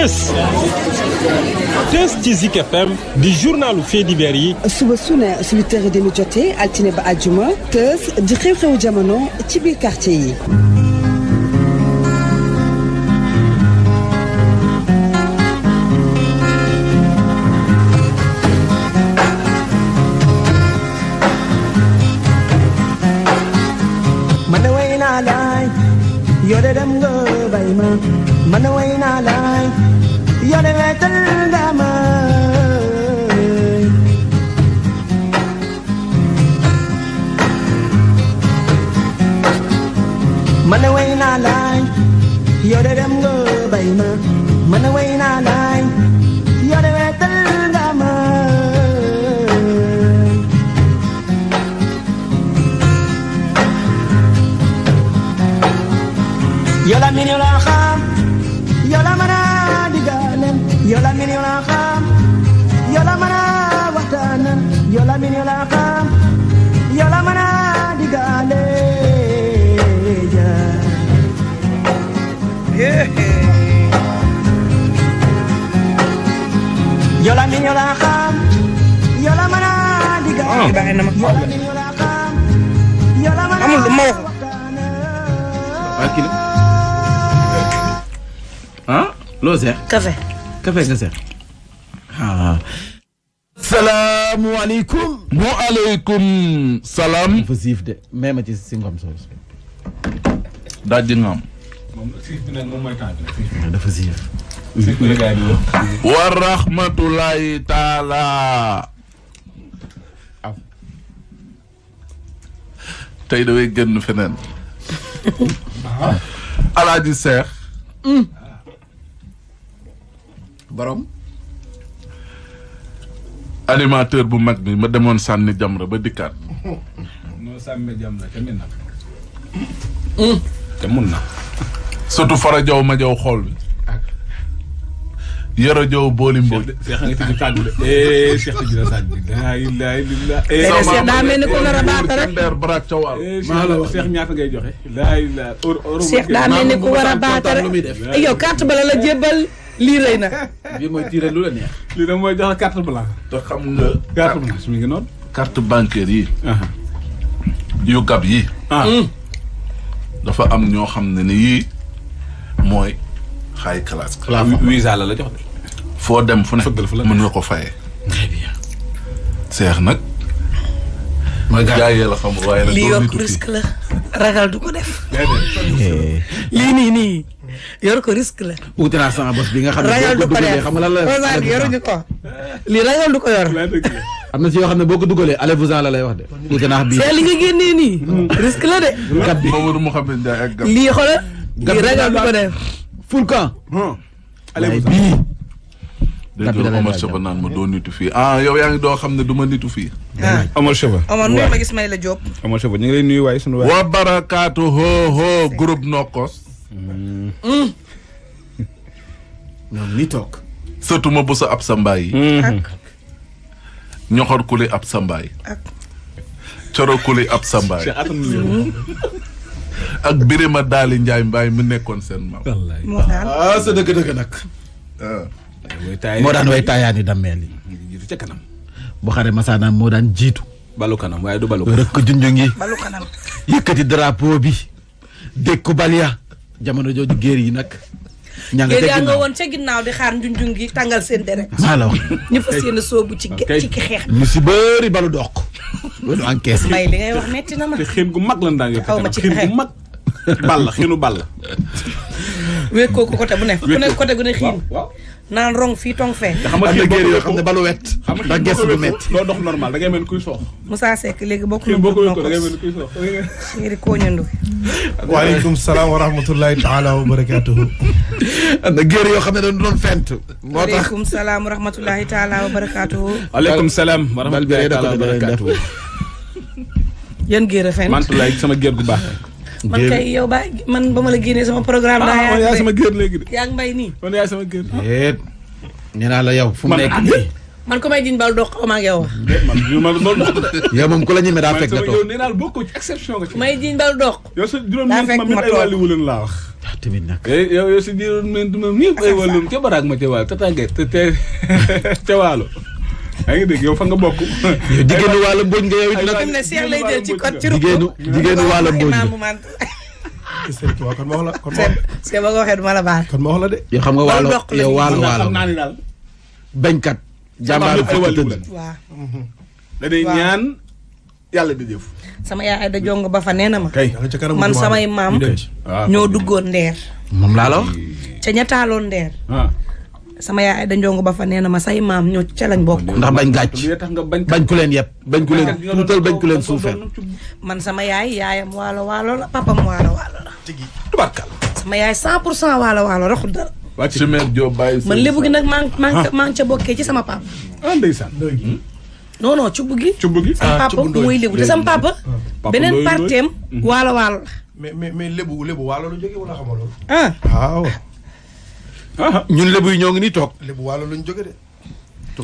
tës tës ci Zik FM di journalu faits yi suba su ne suñu téere dina jotee altine ba àjjuma tës di xew-xewu jamono ci biir quartier yi kafe nga seet ah. de mais ma ci si ah, ah. ah. seex. Hmm. borom. animateur bu mag bi ma demoon sànni jamra ba dikkaat. noo sànni jamra te mën na. Hmm. te mun na. fara jaw ma jaw xool bi. yoro jow booli mbooj. de eh Cheikh tëj na eh, baata eh, rek. maa la wax baata rek. yow carte bala la jébbal. lii rëy na. bii mooy tiire lu la mooy jox carte blanche. te xam nga. carte blanche mi ngi noonu. carte bancaire yi. yu gab yi. Ah. Mm. dafa am ñoo xam ne ni yii mooy xaay classe. visa la la jox de. foo dem fu ne mën nga ko fayee. seex nag. mooy jaayee la xam waaye nag. lii yokk risque la ragal du def. lii nii nii. yor ko risque la. wuute naa sama bos bi nga xam ne. rayal xam nga lan la. rayal ko lii rayal du ko yor. am na si yoo xam ne boo ko dugalee allez vous en la lay wax de. wuute naa bii c'est li nga génnee nii. risque la de. kat bi Mamadou Mouhamed Ndiaye ak. lii xoolal lii rayal du ko def. Fulkan. allez vous en kat bi da lay Omar ah, yow yaa ngi doo xam ne du ma nitu fii. Ah. Omar Cheva. Omar nuyu ma gis may la Diop. Omar Cheva ñu ngi nuyu waaye sunu waay. wa barakaatu hoo hoo groupe Nokos. Mm. ñoom ñi toog. surtout ma bës a ab sa mbaay yi. Mm-hmm. ak. kuli ab sa mbaay. ak. coro kuli ab sa mbaay. Mm-hmm. ak Birima Daali Njaay mbaay mu nekkoon seen maam. Ah, ah. moo daan way taayaani dammeel yi. ca kanam. bu xare masaanaan moo daan jiitu. balu kanam waaye du balu kanam rëkk junjung yi. yëkkati drapeau bi. dékku baliya jamono jooju géer yi nag. ña nga yaa nga woon ca ginnaaw di xaar njunjung gi tàngal seen deret. alors ñu fas yéene soobu ci ci ki xeex. lu si bëri balu dox loolu encaisse. may li ngay wax metti na ma. te xeen gu mag lan daa ngi. xaw ma ci xeen gu mag. ball xeenu ball. wékkoo ko côté bu ne. wékkoo ko côté gu ne xiin. naan rong fii tong fee. xam nga yoo xam ne balu wet. xam nga ndax gerte du métti. doo dox normal da ngay mel kuy soox. Moussa Seck léegi bokkul ak bokkul ko da ngay mel kuy soox. ngir kooñandu. waaleykum salaam wa rahmatullahi taala wa barakaatuhu. am na géer yoo xam ne dañu doon fent. moo tax waaleykum salaam wa rahmatullahi taala wa barakaatuhu. waaleykum salaam wa rahmatullahi taala wa barakaatuhu. yan géer a fent man sama géer gu baax. man kay yow ba man ba ma la génnee sama programme. Ah, daa yaa man yaa sama gër léegi de. yaa ngi nee naa la yow fu mu nekk nii. man ko may diñ dox xaw yow wax. man man moom ku la ñemee daa fekk nga toog nee naa bokkoo ci exception nga ci. may diñ bal dox. yow sa juróom-ñeent ma mit ay wàllu wulen laa wax. ah tamit nag. Eh, yow yow sa juróom-ñeent ma mit ay wàllu ca baraag yaa ngi dégg bokk. jigéenu wàlla mboj nga yow it nag. xam ne Cheikh lay jël ci jigéenu jigéenu wàlla mboj nga. sëñ Tuubaa kon ma wax la kon ma la. waxee du ma la baal. kon la xam nga wàllu yow wàllu wàllu. xam naa ne daal. bañkat. jàmbaaru fekk tëdd. waaw. dañuy ñaan yàlla di jëf. jong ba fa nee na ma. kay man samay maam. Ah, ñoo duggoon ndeer. moom laa la ndeer. Ah. sama yaay da njongo ba fa nee na ma say maam ñoo ca lañ bokk. ndax bañ gàcc bañ ku leen yeb bañ ku leen suufeel. man sama yaay yaayam waalo waalo la papam waalo waalo la. tubarkal sama yaay 100 pour cent waalo waalo raxul dara. wàcc man lébu gi nag maa ah. maa ngi ca bokkee ci sama papa. ah ndeysaan. non non cubb gi. cubb gi ah cubb ndooy mooy lébu ah. mm-hmm. waalo la. mais mais mais lébu lébu waalo la jógee wala xamaloo. Ah. ah waaw. ñun lébu yi ñoo ngi nii toog. lébu waalo lañ jóge de.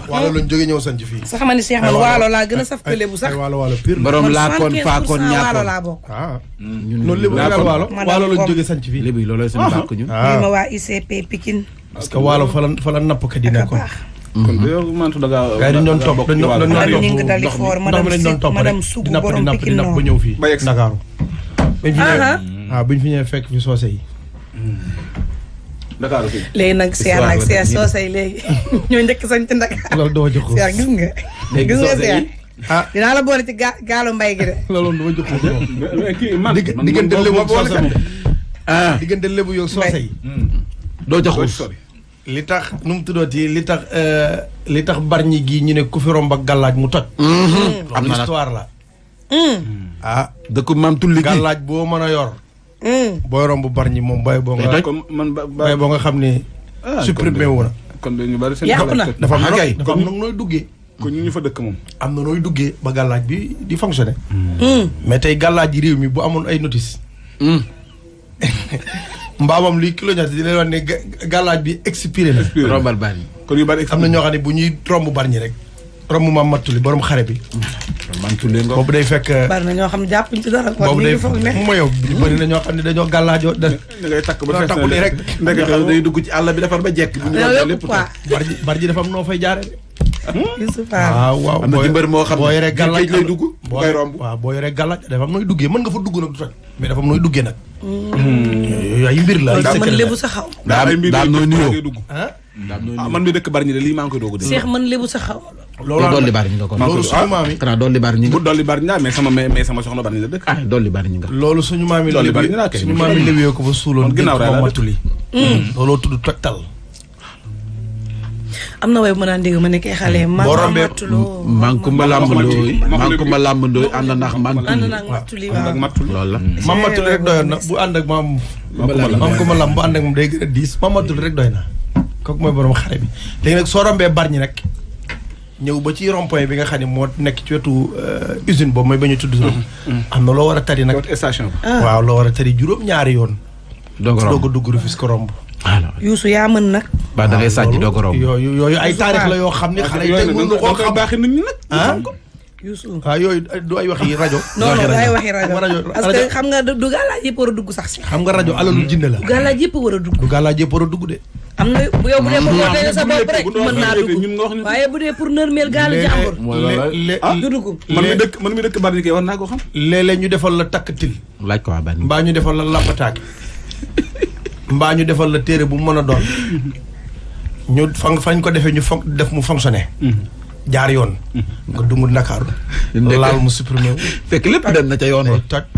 waalo lañ jóge ñëw sanc fii. sax ma ni Cheikh man waalo laa gën a saf que lébu sax. ay waalo waalo pire borom laakoon faakoon ñaakoon ñun lébu laa ah. ñun. ah ma ñëw fii. Ndakaaru. Ah, bañ fi fi ñëwee fekk fi soose yi. Mm. Dakar aussi. léegi nag Cheikh nag Cheikh soosey léegi ñoo njëkk sañ ci Dakar. loolu doo jox ko gis nga. Ah. dinaa la boole ci gaa gaalu mbay gi de. loolu doo jox diggante lébu ak soose ah. yi. Hmm. doo jox ko li tax nu mu tuddooti li tax euh, li tax barñi ñu ne ku fi romb ak gàllaaj mu toj. Hmm. am na histoire la. Hmm. ah maam tulli gi gàllaaj boo mën a yor. Mm. booy romb ñi moom bay boo nga. man bay boo nga xam ne ah, supprimé wu na. kon dañu bari seen. yàqu na dafa am kay dafa am nooy duggee. kon ñu ñu fa dëkk moom. am na nooy duggee ba gàllaaj bi di fonctionner. Mm. mais tey gàllaaj yi réew mi bu amoon ay notice mm. mbaamam li kilo ñaata di leen wax ne gàllaaj bi expiré na. expiré na kon yu bari am na ñoo xam ne bu ñuy romb ñi rek. romb maam Matuli borom xare bi. Matuli nga boobu day fekk. Euh, bari na ñoo xam ne jàppuñ ci dara. boobu day mu yow bari na ñoo ne dañoo gàllaajoo. da ngay takk ba takku nii rek. ndeket day dugg ci àll bi defar ba jekk. loolu lépp quoi bar ji noo fay jaare waaw hmm? ah, waaw am mbër moo xam ne boo lay dugg ngay romb waaw boo yoree gàllaaj dafa am nooy duggee mën nga fa dugg nag du toj mais duggee nag hmm. yooyu ay mbir la sa xaw daal nooy nuyoo daal nooy nuyoo ah, man mi dëkk bari ñi de lii maa ngi koy doogu de man lébu sa xaw loolu dolli bari ñi nga ko ba suñu ah, maam yi xanaa dolli bari ñi nga bu dolli bari ñi mais sama mais sama soxna bari ñi la dëkk ah dolli bari ñi nga loolu suñu maam yi dolli bari ñi la kay suñu yi léwee ko ba mm. Mm. ma daan dégg ma ma matuloo mankumba làmbandooy mankumba làmbandooy ànd ndax matuli ànd ak loolu la mam mm. matuli rek doyoon bu ànd ak maam mankumba lam bu ànd ak moom day gën a diis mam matuli rek doy na kooku mooy borom xare bi léegi nag soo rombee bari ñi rek ñëw ba ci rond point bi nga xam ne moo nekk ci wetu euh, usine boobu mooy ba ñu tudd. xam mm-hmm. mm-hmm. na loo war a tari nag. station ah. waaw loo war a tari juróom-ñaari yoon. doog a romb doog a dugg Rufisque romb. Ah, Youssou yaa mën nag. ba da ngay sàcc ah, doog a romb. yooyu yooyu ay taarix la yoo xam ne. xale yi tey mënuñu koo xam baaxi nit ñi nag. Youssou ah yooyu eh, ay waxi rajo. non non ay waxi rajo parce xam nga du gàllaaj dugg sax si. xam nga rajo alalu mm. jinne la. du gàllaaj yëpp dugg. du gàllaaj yëpp war a dugg de. am na yow bu dee pour noter mm. sa bopp rek mm. mën naa dugg waaye bu ah, man mi dëkk man mi dëkk bari kay war naa ko xam. léeg ñu defoon la takkatil. laaj ko waa bari mbaa ñu defal la lappataak mbaa ñu defal la téere bu mu mën a doon ñu fañ ko defee ñu fon def mu fonctionné jaar yoon. Mhm. nga dumul Ndakaaru. laal mu supprimé wu. fekk lépp dem na ca yoon wa. toj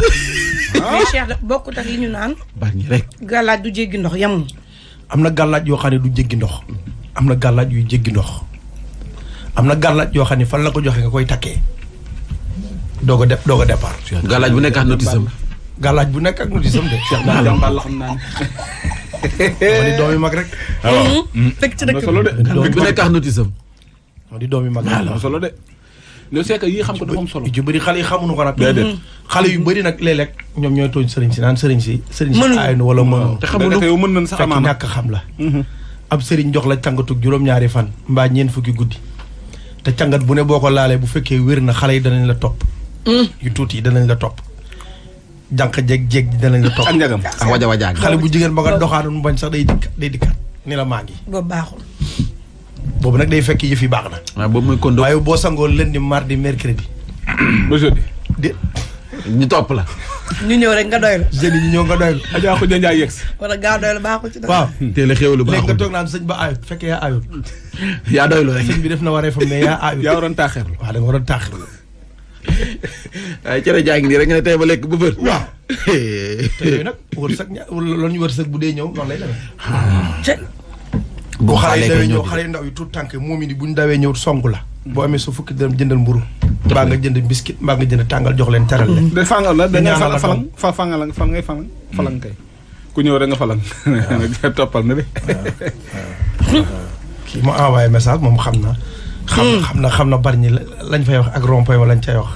mais Cheikh bokkut ak li ñu naan. bari ñi rek. gàllaaj du jéggi ndox yamul. am na gàllaaj yoo xam ne du jéggi ndox. am na gàllaaj yuy jéggi ndox. am na gàllaaj yoo xam ne fan la ko joxe nga koy takkee. doog a de doog a départ. gàllaaj bu nekk ak notice am. bu nekk ak notice am de. Cheikh naa jàmbaar yu mag rek. Ah waaw. Mhm. fekk ci bu nekk ak notice non di doom yu mag am solo de. ne c'est que yii xam ko dafa am solo. yu bëri xale yi xamuñu ko nag. déedéet mm-hmm. xale yu bëri nag léeg lekk ñoom ñoo tooñ sëriñ si naan sëriñ si. sëriñ si aay nu wala ma. te xamuñu yow mën nañ sax amaana fekk ñàkk xam la. Mm-hmm. Mm-hmm. ab sëriñ jox la càngatu juróom-ñaari fan mbaa ñeen fukki guddi te cangat bu ne boo ko laalee bu fekkee wér na xale yi danañ la topp. yu tuuti yi danañ la topp. janq jeeg jeeg danañ la topp. ak njagam ak waja waja xale bu jigéen ba nga doxaanoon bañ sax day dikk day dikkaat maa ngi. ba boobu nag day fekk yëf yi baax na. waaw ah, boobu mooy kondo. waaye boo sangoo lundi mardi mercredi. ba jeudi. di ñu topp la. ñu ñëw rek nga doylu. jeudi ñu ñëw nga doylu. Adja Khoudia Ndiaye yegg si. wala gaa doylu baaxul ci dara. waaw teel a xéwlu baaxul léegi nga toog naan sëñ ba aayut fekkee yaa aayut. yaa doylu rek sëñ bi def na waree fam ne yaa aayut. yaa waroon taaxir. waaw da nga waroon taaxir. waaye cere jaa ngi nii rek nga ne tey ba lekk bu bër. waaw. te yooyu nag wërsëg ña loolu ñu wërsëg bu dee ñëw noonu lay demee. Ah. boo xale yi dawee ñëw xale yu ndaw yi tout tànk moom it bu ñu dawee ñëw song la mm-hmm. boo amee sa fukki dërëm jëndal mburu mbaa nga jënd biscuit mbaa nga jënd tàngal jox leen teral leen da fàngal la da ngay falang fa fangalang fan ngay falang mm-hmm. falang kay ku ñëw rek nga falang ah. toppal na de mu envoyé message moom xam na xam mm. xam na xam na bari ñi lañ fay wax ak rond lañ cay wax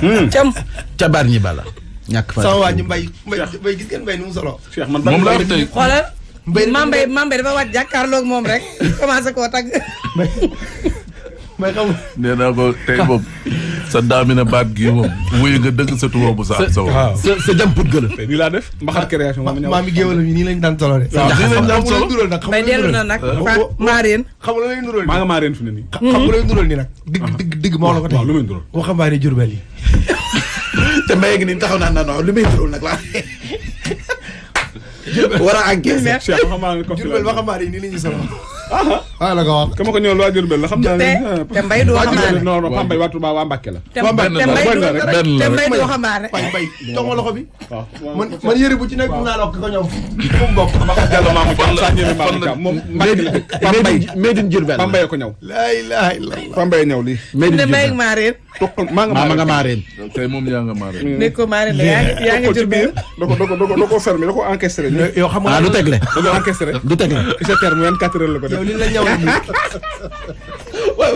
mm. cam ca bari ñi bala ñàkk fa sama waa ji mbay mbay gis ngeen mbay nu mu solo moom la tey xoolal mbay mambay mambay dafa wàcc jàkkaarloog moom rek commencé koo tag mbay xam nee naa ko tey moom sa daamina baat gii moom wuyu nga dëgg sa tubaab bu sax sa sa jam put gëla tey nii laa def mbaxar création maa mi géwal yi nii lañ daan solo de nii lañ daan solo dural nag may dellu na nag maareen xam nga lay dural maa nga maareen fi ne nii xam nga lay dural nii nag digg ah. digg digg la ko tey may dural nii taxaw naa naa non lu may dural nag laa war a encaissé. Cheikh waxambaane comme yi nii la ñuy solo. ah, ah. ah la ko wax. kama ko ñëw waa Jurbel la xam naa ne. te ah, te du waxambaane non non Paa Mbay waa Touba waa Mbàkke la. waa Mbàkke la benn la te mbay du waxambaane. Paa Mbay toog loxo bi. man yëre bu ci nekk mun naa la wax ko ñëw. fu mu bokk. ma xam jàll maa mu fan la fan la moom Mbàkke la. Paa Mbay Medine Jurbel. Paa toqal maa nga maa nga maareen tey moom yaa nga maareen. ne ko maareen la yaa ngi jur biir. da ko da ko da ko fermé da ko encastré. yow xam nga ah, du tegle. da ko encastré du tegle. isotherme la ko def. yow li la ñëw nii. waaw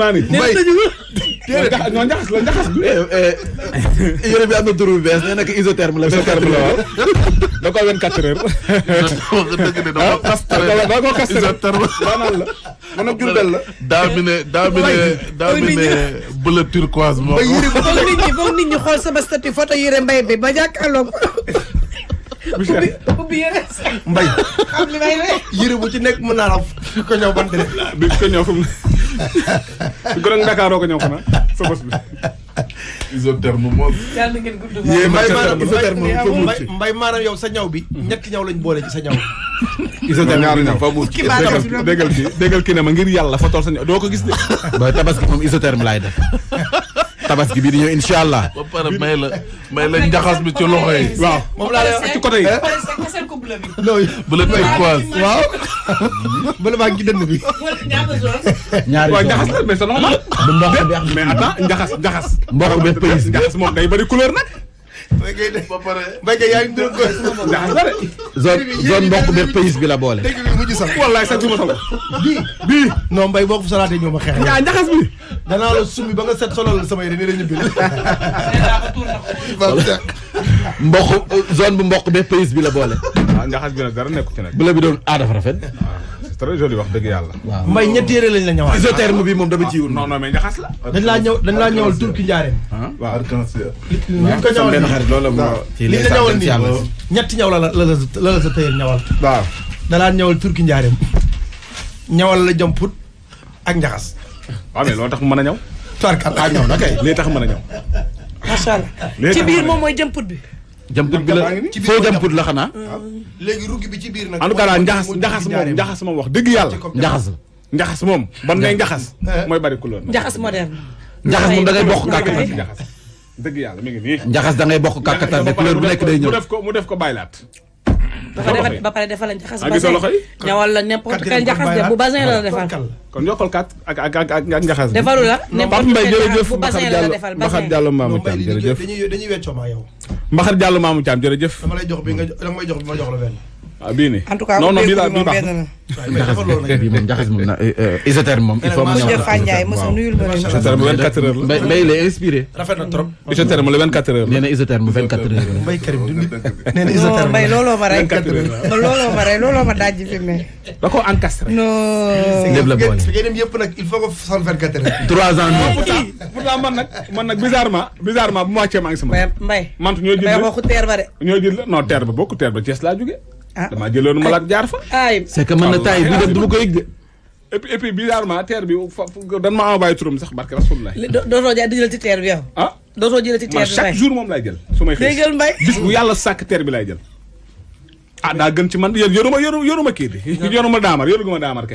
mais nii. xam téere njaxas non njaxas la njaxas du. Eh, eh. yére bi am na tur bu bees nee na ko isotherme la. isotherme la waaw. da koo wen quatre heures. wax dëgg ne da koo kastré da koo kastré isotherme. daanaan la man ak Jurbel la. daa mi ne daa mi ne daa mi ne bleu turquoise moo. ba yére foog nit ñi foog nit ñi xool sama statut photo yére mbay bi ba jàkkaarloo ko. ubbi yére mbay xam bu ci nekk mën naa raf ko ñëw ban def bi ko ñëw fu mu ne goro Ndakaaroo ko ñëw xanaa sa bos bi isotherme moom yàlla ngeen gudd mbay maanaam isotherme moom mbay yow sa ñaw bi mm-hmm. ñetti ñaw lañ boole ci sa ñaw isotherme ñaari ñaw fa mu déggal ki déggal ki ne ma ngir yàlla fa tool sa ñaw doo ko gis de tabaski moom isotherme laay de tabaski bii di ñëw incha allah. ba pare may la may la njaxas bi ci loxo yi. waaw moom laa lay wax ci côté yi. bu la teg quoi waaw. bala maa ngi dënd bi. ñaari waaw njaxas la mais sa loxo la. bu mboq bi mais attends njaxas njaxas. mboq bi njaxas moom day bari couleur nag. ba pare Mbaye yaa ngi dégg ko. zone zone mboq beeg bi la boole. dégg nga mujj sax wallaay sax duma sax. bii bii non bay boo ko salaatee ñoo xeex xeex. yaa njaxas bi. danaa la summi ba nga set solo la sama yére ñu bind. mboq zone bu mboq beeg pays bi la boole. waaw ah, njaxas bi nag dara nekku ci nag. bu la bi doon aada fa rafet. très joli wax dëgg yàlla. waaw mbay ñetti yére lañ la ñëwaat. isotherme bi moom dama ciy wut. non non mais njaxas la. dañ laa ñëw dañ laa ñëwal turki njaareen. Ah, waaw ah, arc-en-ciel. li ñu ko ñëwal nii li ñu ko ñëwal nii ñetti ñëw la la la la sa tëyeel ñëwal. waaw danaa ñëwal turki njaareen ñëwal la jomput ak njaxas. waaw mais loolu tax mu mën a ñëw. tubarkalla ah ñëw na kay lii tax mën a ñëw. macha allah ci biir moom mooy jëmput bi jamput bi la foo jamput la xanaa. Mm. léegi rugg bi ci biir nag. en tout cas daal njaxas njaxas moom njaxas moom wax dëgg yàlla njaxas la. njaxas moom ban ne njaxas. mooy bari couleur. njaxas moderne. njaxas moom da ngay bokk kàkkatar bi njaxas. dëgg yàlla mi ngi nii. njaxas da bokk kàkkatar bi couleur bu nekk day ñëw mu def mu def ko bàyyilaat. ba pare defal la njaxas ah, basin ñawal la n'importe quel njaxas de bu basin la la defal kon yokkal kat ak ak ak ak njaxas defalu la jërëjëf bu basin la a defal Mbaxar Diallo Mamou Thiam jërëjëf dañuy dañuy weccoo ma Mbaxar Diallo Mamou Thiam jërëjëf dama lay jox bi nga dama may jox bi ma jox la ah bii nii en tout cas non non bii moom jaxas moom na eh, eh, moom il faut ma heures la mbay il est inspiré. rafet na trop Isoter mu la 24 heures la nee na Isoter heures la mbay Karim du nit nee na Isoter mbay looloo ma rey looloo ma rey looloo ma dajji fi mu ne da koo encastré non lépp la trois ans non pourtant man nag man nag bu ma wàccee maa mbay mbay mantu ñoo jël la waxu teer ba de ñoo la non ah damaa jëloon malaat jaar fa. ay c'est que mën na taay bi dem ma ko yëg de. et puis sax barke rasulullah. dootoo jaay di jël ci terre bi yow. ah dootoo jël ci bi chaque jour jël. ah daa gën ci man yoruma yoruma kii bi daamar yoruma daamar ah, a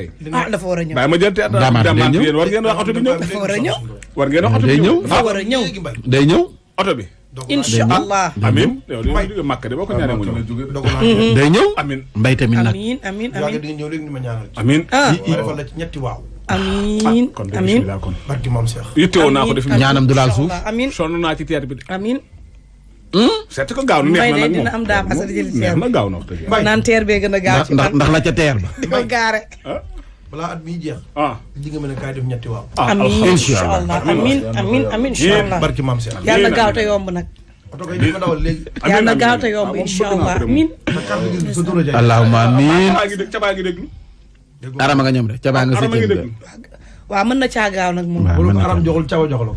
ñëw bàyyi ma jël te daamar yéen war ngeen wax oto bi ñëw. dafa war a ñëw war ngeen wax a ñëw day ñëw oto bi incha allah amiin yow li nga màkk de boo ko ñaanee mu ñëw day ñëw amiin mbay tamit nag amiin amiin amiin di nga ñëw léegi ni ma ñaanal amiin defal la ci ñetti waaw amiin amiin kon barki moom Cheikh yittewoo naa ko def ñaanam du laal suuf amiin sonn naa ci teer bi de amiin hmm? seet ko gaaw na neex na nag dina am daam asal jëli teer na gaaw na wax dëgg naan teer bee gën a gaaw ci ndax la ca teer ba gaare ah? balaa at biy jeex. ah di nga mën a kaay def ñetti waaw. amiin incha allah amiin amiin amiin incha allah barki maam si yàlla gaaw te yomb nag. oto kay dafa dawal léegi. yàlla gaaw te yomb incha allah amiin. allahumma ah, amiin. arama nga ñoom de cabaa nga ah, sa jëm waaw mën na caa gaaw nag moom. waaw mën na aram joxul caba joxul ko.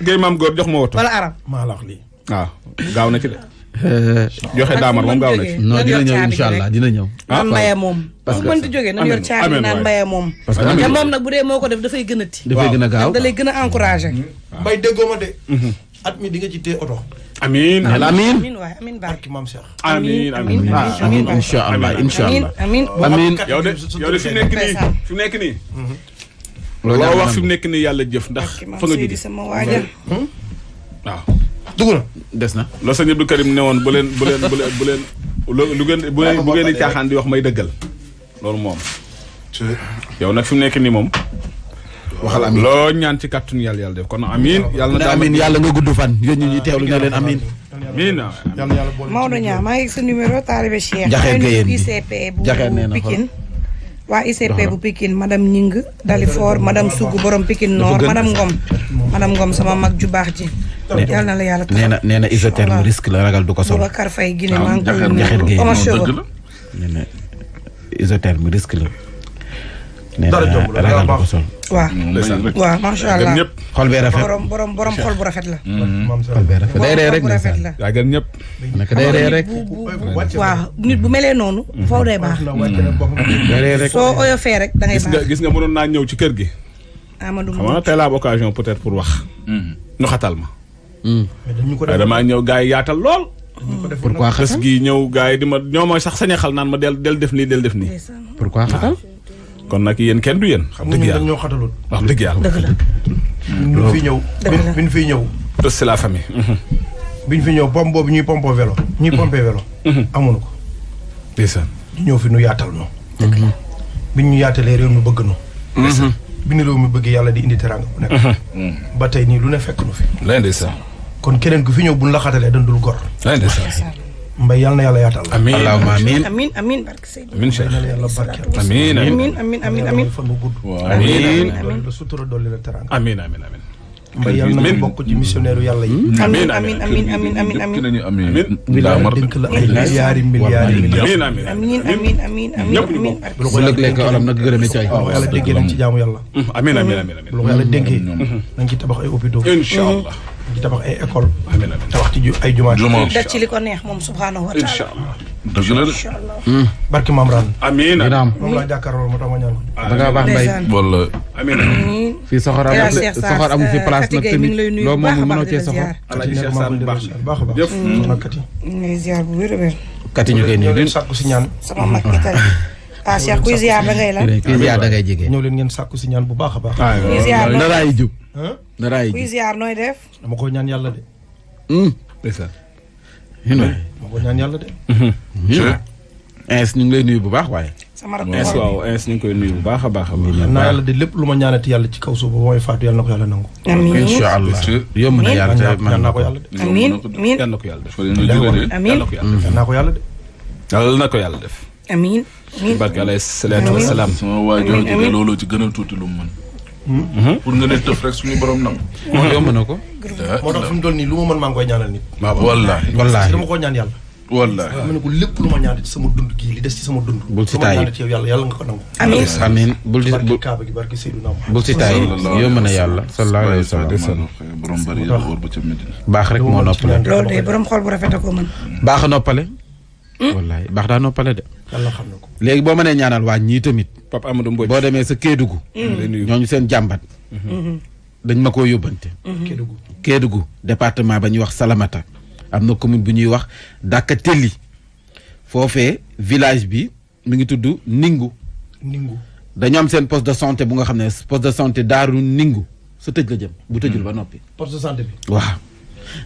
Guèye maam góor jox ma woto. wala aram maa la wax lii. waaw ah, gaaw na ci de. Euh, joxe daamar moom gaaw na ci. non dina ñëw incha allah dina ñëw. Ah, ah, naan mbaye moom. parce que mënti jógee na yor caabi naan moom. parce que te moom nag bu dee moo ko def dafay gën a ti. dafay a gaaw da lay gën a encouragé. Mm-hmm. mbay déggoo de. Mm-hmm. at mi di nga ci téye oto. amiin amiin waay amiin baal ki maam Cheikh. amiin amiin ah, amiin incha allah incha allah de yow nekk nii fi nekk nii. Mm-hmm. loolu wax fi mu nekk nii yàlla jëf ndax fa nga jóge sama waaja hmm? Hmm? dugg na des na. la sëñ Abdou Karim ne woon bu leen bu leen bu leen bu leen lu ngeen bu ngeen bu ngeen di caaxaan di wax may dëggal loolu moom. yow nag fi nekke nekk nii moom. waxal amiin loo ñaan ci kàttanu yàlla yàlla def kon amiin. yàlla na amiin yàlla nga gudd fan yéen ñi ñuy teewlu ne leen a amiin Maodo Niang a ngi sa numéro Talibe Cheikh. jaxee Guèyeen bi jaxee nee na waa ICP bu Pikine madame Ning Dalifor madame Sougou borom Pikine Nord madame ngoom madame Ngom sama mag ju baax ji yal na la yàlla taxaw nee na nee na isotherme risque la ragal du ko sol Boubacar Faye Guinée maa ngi koy nuyu isotherme risque la dara jomb la dara baax waaw waaw macha allah xol bee rafet borom borom borom xol bu rafet la mm-hmm. xol bee rafet day ree rek yaa gën ñëpp naka day ree rek waaw nit bu melee noonu mm-hmm. foofu day baax mm-hmm. day ree rek rek da baax gis nga mënoon naa ñëw ci kër gi Amadou xam nga tey laa am occasion peut-être pour wax ñu xatal ma damaa ñëw gars yi yaatal lool pourquoi xatal gi ñëw gars yi di ma ñoo mooy sax sañe xal naan ma del del def nii del def nii pourquoi xatal kon nag yéen kenn du yéen. xam dëgg yàlla ñun ñoo xatalul. wax dëgg yàlla. dëgg la ñu fi ñëw. bi ñu fi ñëw. tos c'est la famille. bi mhm. ñu fi ñëw pompe ñuy pompe vélo. ñuy mhm. pompe vélo. Mhm. amuñu ko. ndeysaan. ñu fi nu yaatal ñu. dëgg yaatalee réew mi bëgg ñu. ndeysaan bi bëgg yàlla di indi teraanga bu nekk. ba tey nii lu ne fekk nu fi. lay ndeysaan. kon keneen ku fi ñëw bu ñu la xatalee dañ dul gor. lay mbay yal na yàlla yaatal. amiin allahumma amiin amiin amiin barke Seydou. amiin Cheikh amiin amiin amiin amiin amiin fan bu gudd. amiin amiin la sutura dolli la teranga. amiin amiin amiin. mbay yal na bokk ci missionnaire yàlla yi. amiin amiin amiin amiin amiin amiin amiin. wilaaya dénk la ay milliards milliards milliards. amiin amiin amiin amiin amiin. lu ko yàlla dénkee alam nag gërëmee ci ay. waaw yàlla dénkee nañ ci jaamu yàlla. amiin amiin amiin. lu ko yàlla dénkee nañ ci tabax ay hôpitaux. incha allah. di tabax ay école tabax ci ay jumaa moom subhaanahu wa taala inchaallah dëgg la de hmm. barki maam raan da ngaa baax mbay wala amiin fii soxor am soxor amu fi euh, place nag tamit loolu moom mënoo cee soxor kati nekk maa ngi baax baax a ñu koy nii leen si ñaan sama mag ah Cheikh kuy ziar da ngay la kuy ziar jege ñëw ngeen sàkku si ñaan bu baax a baax daraay jub daraay yi ziar nooy def. dama ko ñaan yàlla de. Hmm, ndeysaan. dama ko ñaan yàlla de. Hmm, hmm. ins ñu ngi lay nuyu bu baax waaye. sama rakk ins waaw ins ñu ngi bu baax a baax a naa yàlla de lépp lu ma ñaanati yàlla ci kaw suuf mooy faatu yàlla na ko yàlla nangu. amiin incha allah yomb na yàlla de man naa ko yàlla de. amiin amiin yàlla na ko yàlla def. amiin yàlla na ko yàlla def. yàlla na ko yàlla def. amiin amiin barke alayhi de ci gën tuuti pour nga ne tëf rek suñu borom nam yomb na ko. moo tax fi mu toll nii lu ma mën maa ngi koy ñaanal nit. wallaahi wallaahi dama koo ñaan yàlla. wallaahi ma ne ko lépp lu ma ñaan ci sama dund gii li des ci sama dund. bul si taay yow yàlla a nga ko nangu. amiin amiin bul di barki Kaaba gi yàlla. sallallahu alayhi wa sallam baax rek moo noppale. loolu de borom xol bu rafet a ko mën. baax a noppale. Hmm? baax daa noppale de. léegi boo mënee ñaanal waa ñii tamit Papa Amadou boo demee sa ñoo ñooñu seen jàmbat. Mm-hmm. dañ ma koo yóbbante. Mm-hmm. Kédougou Kédougou département ba ñuy wax Salamata am na commune bu ñuy wax Dakateli foofee village bi mu ngi tudd Ningu. Ningu dañoo am seen poste de santé bu nga xam ne poste de santé daaru Ningu sa tëj la jëm. bu tëjul ba mm-hmm. noppi. poste de santé bi waaw.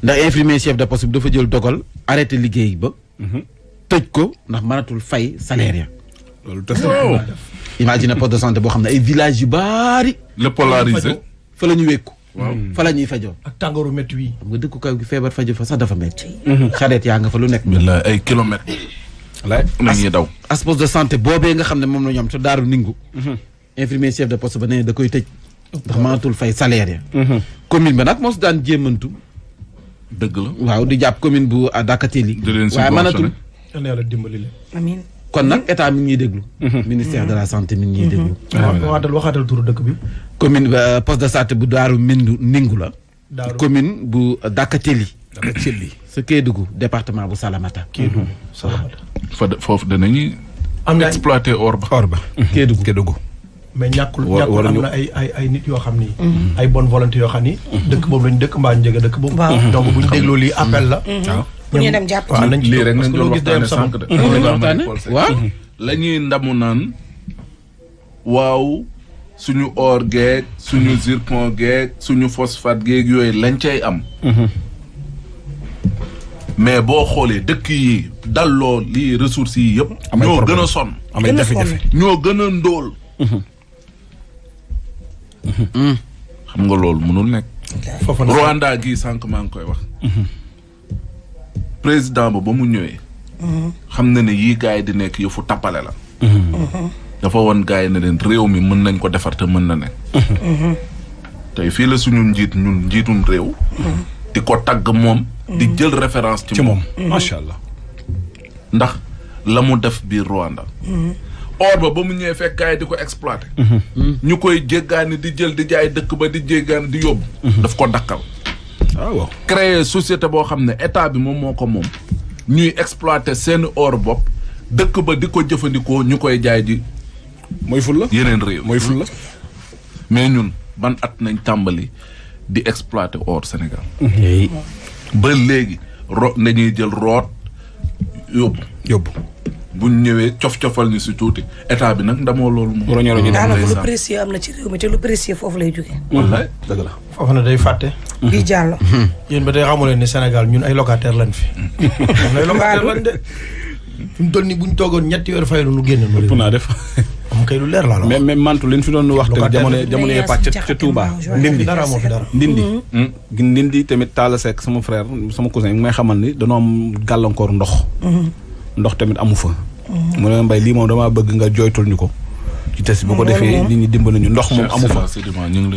ndax infirmier chef de poste bi dafa jël dogal arrêté liggéey ba. tëj ko ndax mënatul fay salaire ya. imagine poste de santé boo xam ne ay village yu baari. le polarisé fa la ñu wékku. waaw fa la ñuy fajoo. ak tàngooru métti wi. xam nga dëkku kaw gi feebar fajo fa sax dafa métti. charrette mhm. yaa nga fa lu nekk. wallaahi ay kilomètres. wallaahi na boobee nga xam ne moom la ñu am daaru ningu. Mhm. infirmier chef de poste ba nee da koy tëj. ndax mënatul fay salaire ya. Mhm. commune ba nag moo si daan jéemantu. waaw di jàpp commune bu Dakateli. di leen subventionné waaye mënatul. yàlla dimbali leen. kon nag état mi ngi ñuy déglu. Mhm. ministère de la santé mi ngi ñuy mhm. déglu. Ah, waxaatal waxaatal turu dëkk bi. commune euh, poste de santé bu Daaru Mindu Ningu la. commune bu Dakateli. Dakateli sa Kédougou département bu Salamata. Mhm. Kédougou Salamata. fa foofu danañu. am na exploité or ba. or ba. Kédougou Kédougou. mais ñàkkul ñàkkul am na ay ay nit yoo xam ni. ay bonne volonté yoo xam ni. dëkk boobu lañ dëkk mbaa njëge dëkk boobu. donc bu ñu dégloo lii appel la. pour ñu dem jàpp ci lii rek nañ doon waxtaane sànq de la ñuy ndamu naan waaw suñu or geeg suñu zircon geeg suñu phosphate geeg yooyu lañ cay am mhm. mais boo xoolee dëkk yi dalloo li ressources yi yëpp ñoo gën a sonn amay jafe ñoo gën a ndóol mhm. Mhm. nga loolu mënul nekk Rwanda gii sànq maa ngi koy wax président ba ba mu ñëwee. Mm-hmm. xam na ne yii gars yi di nekk yëfu tappale la. Mm-hmm. dafa woon gars yi ne leen réew mi mën nañ ko defar te mën na ne. Mm-hmm. tey fii la suñu njiit ñu njiitum réew. di ko tagg moom. di jël référence ci moom macha allah. ndax la mu def biir Rwanda. or ba ba mu ñëwee fekk gars di ko exploité. ñu koy jéggaani di jël di jaay dëkk ba di jéggaani di yóbbu. daf ko dakkal. Ah, waaw créer société boo xam ne état bi moom moo ko moom ñuy exploiter seen or bopp dëkk ba di ko jëfandikoo ñu koy jaay di mooy ful la yeneen réew mooy ful la mais ñun ban at nañ tàmbali di exploité or Sénégal mhm. ba léegi ro nañuy jël root yóbbu yóbbu buñ ñëwee cof-cofal ni si tuuti état bi nag ndamoo loolu moom daanaka lu précieux am na ci réew mi te lu précieux foofu lay jógee wallaay dëgg la foofu na day fàtte di jàll yéen ba tey xamu leen ne Sénégal ñun ay locataire lañ fi ñun ay locataire lañ de fi mu toll nii buñ toogoon ñetti weer faylu naa def am kay lu leer laa la mais mais mantu leen wax tamit jamono jamono yee pàcc ca Touba ndindi dara moo fi dara ndindi mm-hmm. mm. ndindi tamit Talla Seck sama frère sama cousin yi may xamal ni dañoo am gàllankoor ndox mm-hmm. ndox tamit amu fa. mu ne mbay lii moom damaa bëgg nga jooytul ñu ko. ci test bu ko defee nit ñi dimbali ñu ndox moom amu fa.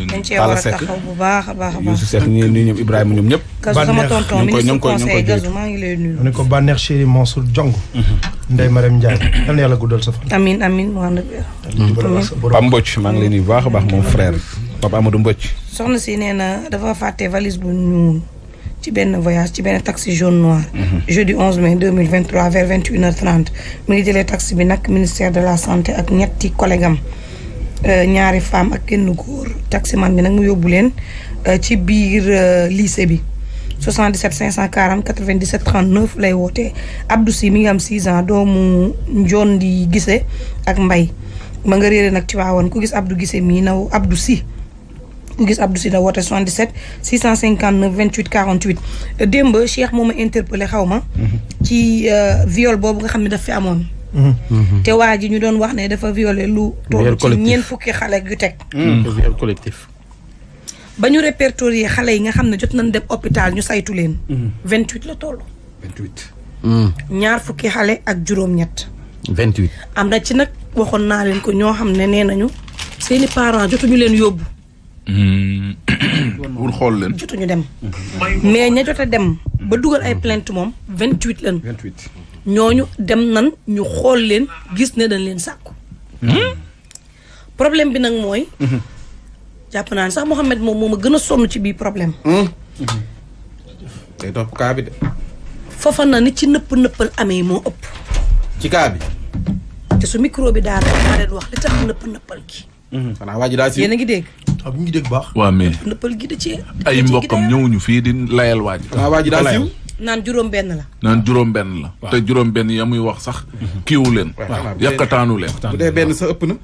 dañ cee a taxaw bu a baax a baax Youssou Seck ñi ñoom Ibrahima ñoom ñëpp. maa ngi lay nuyu. ko bànneex Chéri Mansour Jong. Ah. Ndeye Marème Ndiaye. yal na yàlla guddal sa fan. amiin amiin wax na Pam maa ngi lay nuyu bu baax a baax moom frère Papa Amadou Mbocc. soxna si nee na dafa fàtte valise bu ñuul. ci benn voyage ci benn taxi jaune noir. Mhm. jeudi 11 mai 2023 vers 21h30 mi ngi jële taxi bi nag ministère de la santé ak ñetti collègue euh, ñaari femme ak kenn góor taximan bi nag mu yóbbu leen euh, ci biir euh, lycée bi. 77 540 97 39 lay wootee Abdou Sy mi ngi am 6 ans doomu njoon di gise ak mbay ma nga réere nag ci waawoon ku gis Abdou gise mii naw Abdou Sy. mu gis Abdou Sida woote 77 659 28 48 démb Cheikh moo ma interpellé xaw ma. ci euh, viole boobu nga xam ne daf fi amoon. Mm-hmm. te waa ji ñu doon wax ne dafa viole lu. viol collectif toll ci ñeent fukki xale yu teg. Mm-hmm. Mm-hmm. viol ba ñu répertorier xale yi nga xam ne jot nañ dem hôpital ñu saytu leen. 28 la toll. Mm. ñaar fukki xale ak juróom-ñett. 28. am na ci nag waxoon naa leen ko ñoo xam ne nee ñu seeni parents jotuñu leen yóbbu. wul hmm. xool leen jotuñu dem. mais ña jot a dem. ba dugal ay plant moom vingt huit lan. vingt huit ñooñu dem nan ñu xool leen gis ne dañ leen sàkku. Hmm. problème bi nag mooy. jàpp naan sax Mouhamed moom moo ma gën a sonn ci biir problème. te hmm. topp kaa bi de. foofa na ni ci nëpp nëppal amee moo ëpp. ci kaa bi. te su micro bi daal maa leen wax li tax nëpp nëppal gi. Mhm. xanaa waa a ngi dégg. waaw bu ñu ngi dégg baax. gi ci ay mbokkam ñëwuñu fii di layal waa ji. xanaa naan juróom benn la. naan juróom benn la. te juróom benn ya muy wax sax. kiiwu leen. waaw yàqataanu leen. bu dee benn sa ëpp na.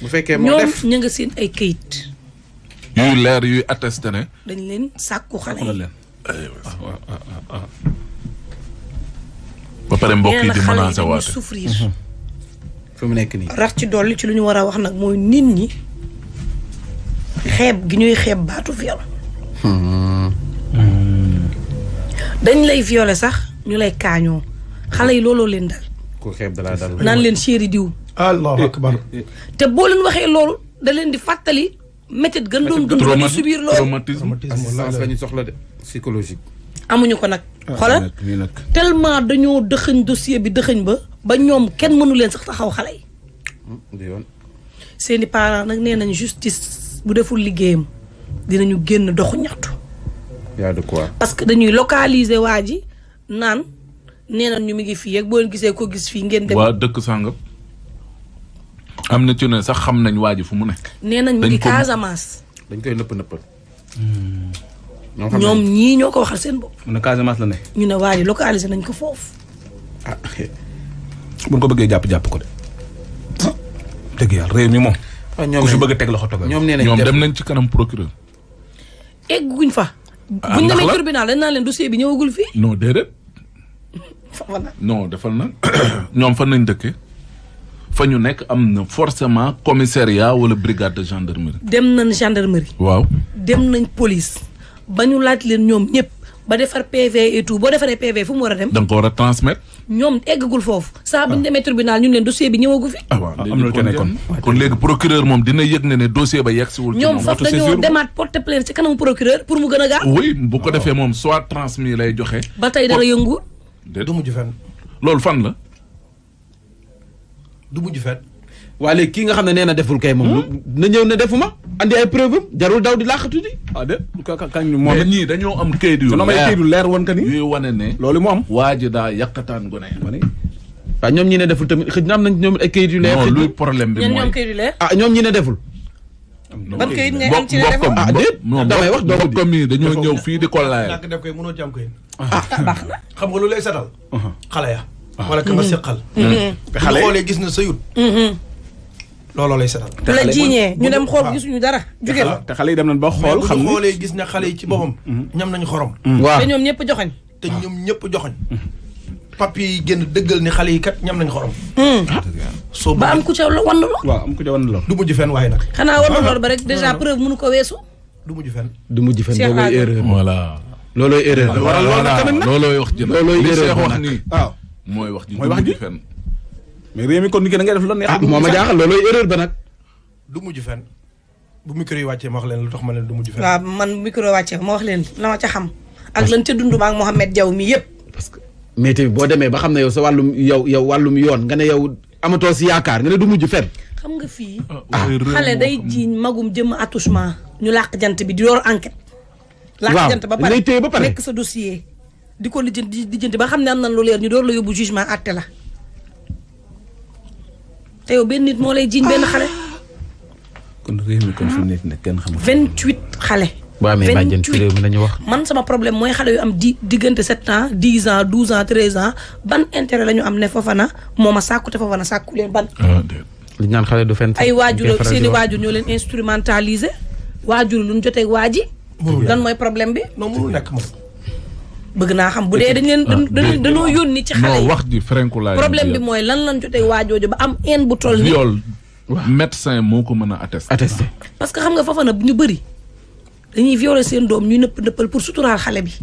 bu fekkee moo ñoom ñu nga seen ay kayit. yuy leer yuy attesté ne. dañ leen sàkku xale yi. fi mu nekk nii. rax ci dolli ci lu ñu war a wax nag mooy nit ñi xeeb gi ñuy xeeb baatu viol. dañ lay violé sax ñu lay kaañoo xale yi looloo leen dal. ku xeeb dalaa dal naan leen chéri diw. allahu akbar te boo leen waxee loolu da leen di fàttali métit gën doon dund. subir loolu traumatisme assistance la ñu soxla de psychologique. amuñu ko nag ah, xoolal tellement dañoo dëxëñ dossier bi dëxëñ ba ba ñoom kenn mënu leen sax taxaw xale yi hmm, seeni parents nag nee nañ justice bu deful liggéeyam dinañu génn doxu ñaxtu yaa de parce que dañuy localiser waa ji naan nee nañ ñu mu ngi fii ak boo gisee ko gis fii ngeen dem waa dëkk sàngam am na ci ne sax xam nañ waa ji fu mu ne nee nañ mu ngi Casamance dañ koy nëpp nëppal hmm. ñoom ñii ñoo ko waxal seen bopp. mu ne Casamance la ne. ñu ne waaye localisé nañ ko foofu. ah buñ ko bëggee jàpp jàpp ko de. dëgg yàlla réew mi moom. Ah, ku si bëgg a teg loxo togal ñoom nee nañ dem nañ ci kanam procureur. egguñ fa. ah buñ demee tribunal dañ naan leen dossier bi ñëwagul fii. non déedéet. non defal na ñoom fa nañ dëkkee. fa ñu nekk am na forcément commissariat wala brigade de gendarmerie. dem nañ gendarmerie. waaw dem nañ police. ba ñu laaj leen ñoom ñëpp ba defar PV et tout boo defaree PV fu mu war a dem. da war a transmettre. ñoom eggagul foofu. saa bu ñu demee tribunal ñu ne leen dossier bi ñëwagu fi. Ah, ah, kon kon léegi procureur moom dina yëg ne ne dossier si wul. ñoom faf dañoo demaat porte plainte ci kanamu procureur pour mu gën a gaaw. oui bu ko defee moom soit transmis lay joxe. ba tey dara oh. yëngu. du mujj fenn. loolu fan la. du mujj fenn. waa léegi kii nga xam ne nee na deful kay moom. na ñëw ne defuma. andi ay preuve jarul daw di laaxatu di. ah de ka kañ moom it ñii dañoo am kayit yu. leer su kayit leer woon ka ni. yuy wane ne. loolu mu am waa ji daa yàqataan gone. ñoom ñi ne deful tamit xëj na am nañ ñoom ay kayit yu leer. xëj na problème bi ñoom kayit yu leer. ah ñoom ñi ne deful. ban kayit ngay am ci deful ah déet. damay wax doomu bokkam yi dañoo ñëw fii di ko a ñàkk def koy mënoo ci am kayit. Ah. Ah, ah baax na. xam nga lu lay setal. Uh-huh. xale ya. Uh-huh. wala ka a mm-hmm. seqal. Mm-hmm. te xale yi bu xoolee sa na looloo lay setal te la jiiñee ñu dem xool gisuñu dara jóge fa te xale yi dem nañ ba xool xam ne xoolee gis ne xale yi ci boppam mm-hmm. Mm-hmm. ñam nañu xorom mm-hmm. waaw te ñoom ñëpp joxoñ te ñoom ñëpp joxoñ papier yi génn dëggal ni xale yi kat ñam nañ xorom mm. ah. soo ba am ku ca wann lor waaw am ku ca wann lor du mujj fenn waaye nag xanaa wann lor ba rek déjà preuve mënu ko weesu du mujj fenn du mujj fenn looloy erreur voilà looloy erreur waral loolu tamit nag looloy wax ji looloy erreur wax ni waaw mooy wax ji mooy wax ji mais réew mi kon ni def lan. ah moo ma jaaxal loolooy erreur ba nag. du bu micro wàccee ma leen lu tax ma leen du mujj fenn. waaw man micro wàccee ma wax leen la ma xam. ak lan ca dund ma ak Mouhamed Diaw mi yëpp. parce que mais boo demee ba xam ne yow sa wàllum yow yow wàllum yoon nga ne yow amatoo si yaakaar nga ne du mujju fenn. xam nga fii. Ah, ah. xale day jiiñ magum jëm attouchement. ñu làq jant bi di yor enquête. làq jant ba pare nekk sa dossier. di ko lijjanti lijjanti ba xam ne am na lu leer ñu door la yóbbu jugement àtte la te benn nit moo lay jiiñ benn xale. kon réew mi kon fi mu nekk nag kenn xamul. vingt huit xale. waaw mais bàjjen ci la ñu wax. man sama problème mooy xale yu am di diggante sept ans dix ans douze ans treize an ban intérêt la ñu am ne Fofana moo ma sàkku te Fofana sàkku leen ban. Ah, li ñu naan xale du fen. ay waajur seen i waajur ñoo leen instrumentaliser waajur lu jotee waa ji. lan mooy problème bi. non mënul nekk moom. bëgg naa xam bu dee dañ leen ah, dañ dañoo yónni ci xale yi wax ji frenku laay problème bi mooy lan lan jotee waajooju ba am een bu toll nii viol médecin moo ko mën a attesté attesté ah. parce que xam nga foofa nag ñu bëri dañuy violer seen doom ñu nëpp nëppal pour suturaal xale bi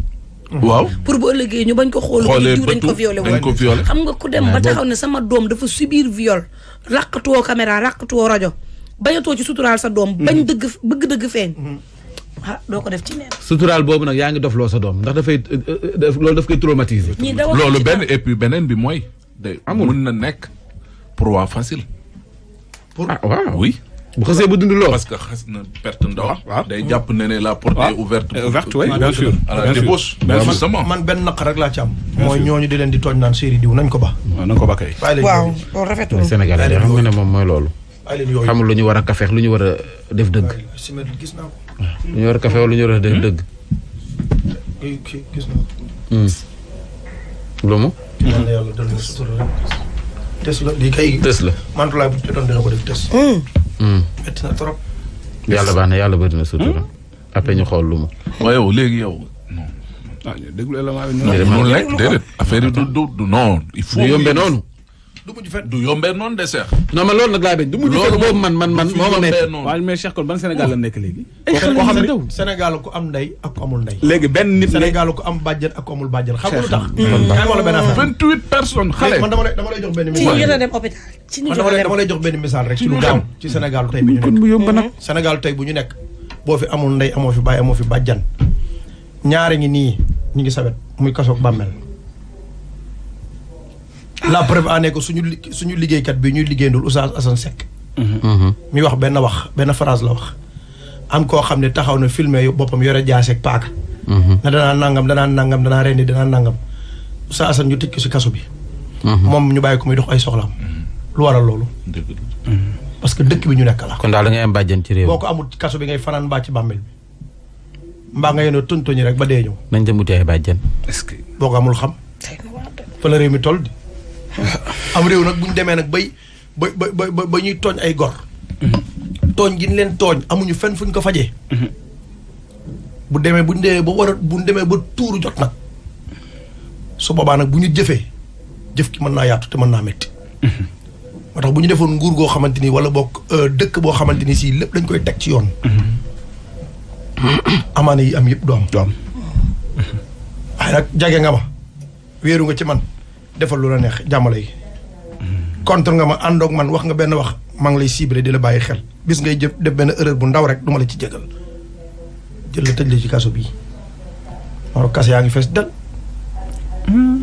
waaw pour bu ëllëgee ñu bañ ko xool diw dañ ko violé woon xam nga ku dem ah, ba taxaw ne sama doom dafa subir viol ràqatuwoo caméra ràqatuwoo rajo bañatoo ci suturaal sa doom bañ mm-hmm. dëgg bëgg dëgg feeñ mm-hmm. ah doo ko def ci neen suturaal boobu nag yaa ngi dof loo sa doom ndax dafay euh, euh, euh, loolu daf koy traumatiser. loolu benn et puis beneen bi mooy. day amul na nekk proie facile. pour ah waaw oui. bu xasee bu dund loo parce que xas na perte ndaw. Ah, day jàpp ne ne la porte ah. est ouverte. ouverte oui bien sûr man benn naq rek laa ci am. mooy ñooñu di leen di tooñ naan série diw nañ ko ba. waaw ah, nañ ko ba kay. waaw loolu rafetul xam nga ne moom mooy loolu. xamul lu ñu war a kafeex lu ñu war a def dëgg. gis naa lu ñu war a café wala lu ñu war a def dëgg. Hmm? Hmm. lu mu. test la hmm. na yàlla baax na yàlla bëri na sutura. ñu xool lu mu. waaye yow léegi yow. ah déglu élément bi ñu. noonu rek déedéet affaire yi du du du noonu. du mujj fenn du yombee noonu de Cheikh. non man loolu nag laa bañ du mujj fenn boobu man man man moo ma nekk waaw kon ban Sénégal la nekk léegi. ay xale yu ñu daw Sénégal ku léegi benn nit Sénégal ko am bàjjen ak ku amul bàjjen xam nga lu tax. wala benn affaire vingt huit personnes xale. man dama lay jox benn misaal. a dem hôpital ci ñu gën a dem rek ci lu gaaw ci Sénégal tey bu ñu nekk. boo fi amul ndey amoo fi bàyyi amoo fi bàjjan ñaari ngi nii ñu ngi sabet muy kasoog bàmmeel la preuve en est que suñu li suñu liggéeykat bi ñuy liggéeyandul Oustaz Assane Seck. Mhm. mi wax benn wax benn phrase la wax. am koo xam ne taxaw na filmé boppam yore jaase ak paaka. Mhm. ne danaa nangam danaa nangam danaa rendi danaa nangam Oustaz ñu tëj si kaso bi. Mhm. moom ñu bàyyi ko muy dox ay soxlaam. lu waral loolu. parce que dëkk bi ñu nekk la. kon daal da ngay am bàjjen ci réew boo ko amul kaso bi ngay fanaan mbaa ci bàmmeel nga yéen a tontoñi rek ba dee ñëw. nañ dem uti ay bàjjen. est-ce que boo amul xam. fa mi toll di. am réew nag bu ñu demee nag bay ba ba ba ba ñuy tooñ ay gor. tooñ gin leen tooñ amuñu fenn fuñ ko fajee. bu demee bu ñu demee ba war a bu ñu demee ba tuuru jot nag su boobaa nag bu ñu jëfee jëf ki mën naa yaatu mën naa métti. moo bu ñu defoon nguur goo xamante ni wala boog euh, dëkk boo xamante ni si lépp dañ koy teg ci yoon. amaana yi am yëpp du am. waaye nag jage nga ma wéeru nga ci man. defal lu la neex jàmmale yi. contre nga ma àndoog man wax nga benn wax maa ngi lay ciblé di la bàyyi xel bis ngay jëf def benn erreur bu ndaw rek du la ci jégal jël la tëj la ci kaso bii. Maodo kaso yaa ngi fees dal.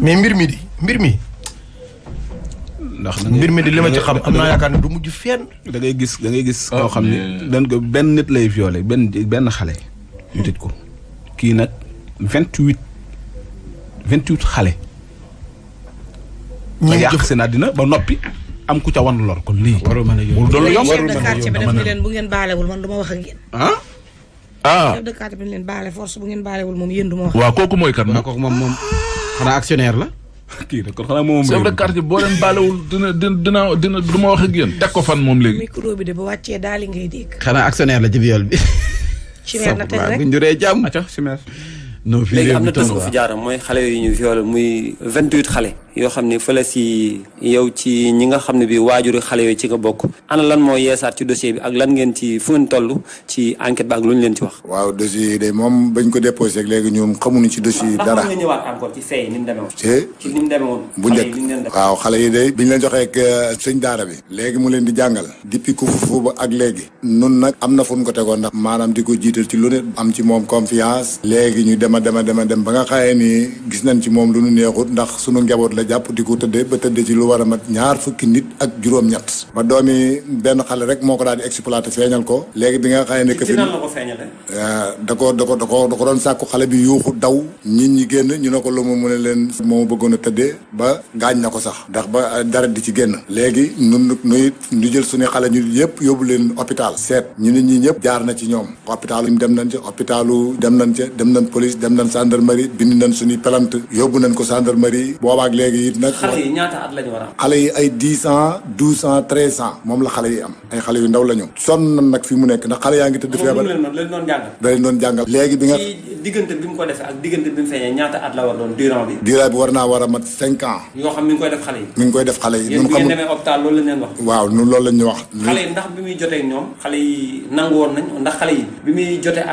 mais mbir mi di mbir mi. ndax mbir mi di li ma ci xam am naa yaakaar ne du mujj fenn. da ngay gis dangay gis koo ah, xam ne dañ ko benn nit lay violé benn benn xale. ñu tëj ko kii nag vingt huit vingt huit xale. ñi jëf seen àddina ba noppi am ku ca wan lor kon lii. warul mën a yomb warul bu ngeen baalewul man du ma wax ak yéen. ah. ah chef de bu ngeen baalewul moom yéen du ma wax. waaw kooku mooy kan moom kooku moom moom xanaa actionnaire kii nag kon moom chef de quartier boo leen baalewul dina ma wax ak yéen. teg ko fan moom léegi. micro bi de ba wàccee daal ngay dégg. xanaa actionnaire la ci viol bi. chimère na teg rek bu ñu juree jàmm. na tës mooy xale yu ñu viol muy vingt-huit xale yoo xam ne fële si yow ci ñi nga xam ne bi waajuri xale yooyu ci nga bokk ana lan moo yeesaat ci dossier bi ak lan ngeen ci fu ngeen toll ci enquête ba ak lu ñu leen ci wax waaw dossier moom bañ ko déposé léegi ñoom xamuñu ci dossier yi dara nga ñëwaat encore ci fee yi ni waaw xale yi de biñ leen joxee euh, sëñ daara bi léegi mu leen di jàngal depuis ku fufu ba ak léegi nun nag am na fu ko tegoon ndax maanaam di ko jiital ci lu ne am ci moom confiance léegi ñu dema dema dema dem ba nga xayee ni gis nañ ci moom lu ñu neexut ndax sunu njaboot la la jàpp di ko tëddee ba tëddee ci lu war ñaar fukki nit ak juróom-ñett ma doomi benn xale rek moo ko daal di exploité feeñal ko léegi bi nga xamee ne que fi euh, da ko da ko da ko doon sàkku xale bi yuuxu daw nit ñi génn ñu ne ko lu mu mu ne leen moo bëggoon a tëddee ba gaañ na ko sax ndax ba euh, dara di ci génn léegi nun nuy ñu jël suñu xale ñu yëpp yóbbu leen hôpital seet ñu nit ñi ñëpp jaar na ci ñoom hôpital yi dem nañ ca hôpitalu dem nañ ca dem nañ police dem nañ gendarmerie bind nañ suñuy léegi it nag. xale yi ñaata at lañu war a am. xale yi ay dix ans douze ans treize ans moom la xale yi am ay xale yu ndaw la ñu. nag fi mu nekk ndax xale yaa ngi tëdd feebar. moom leen bi war naa war a mat cinq ans. yoo xam mi ngi koy def xale yi. mi ngi koy def xale yi. ñun xamul yéen bu ngeen demee hôpital loolu lañ leen wax. waaw ñun loolu lañ ñu wax. xale yi bi muy jotee ñoom xale yi nangu woon nañ ndax xale yi bi muy jotee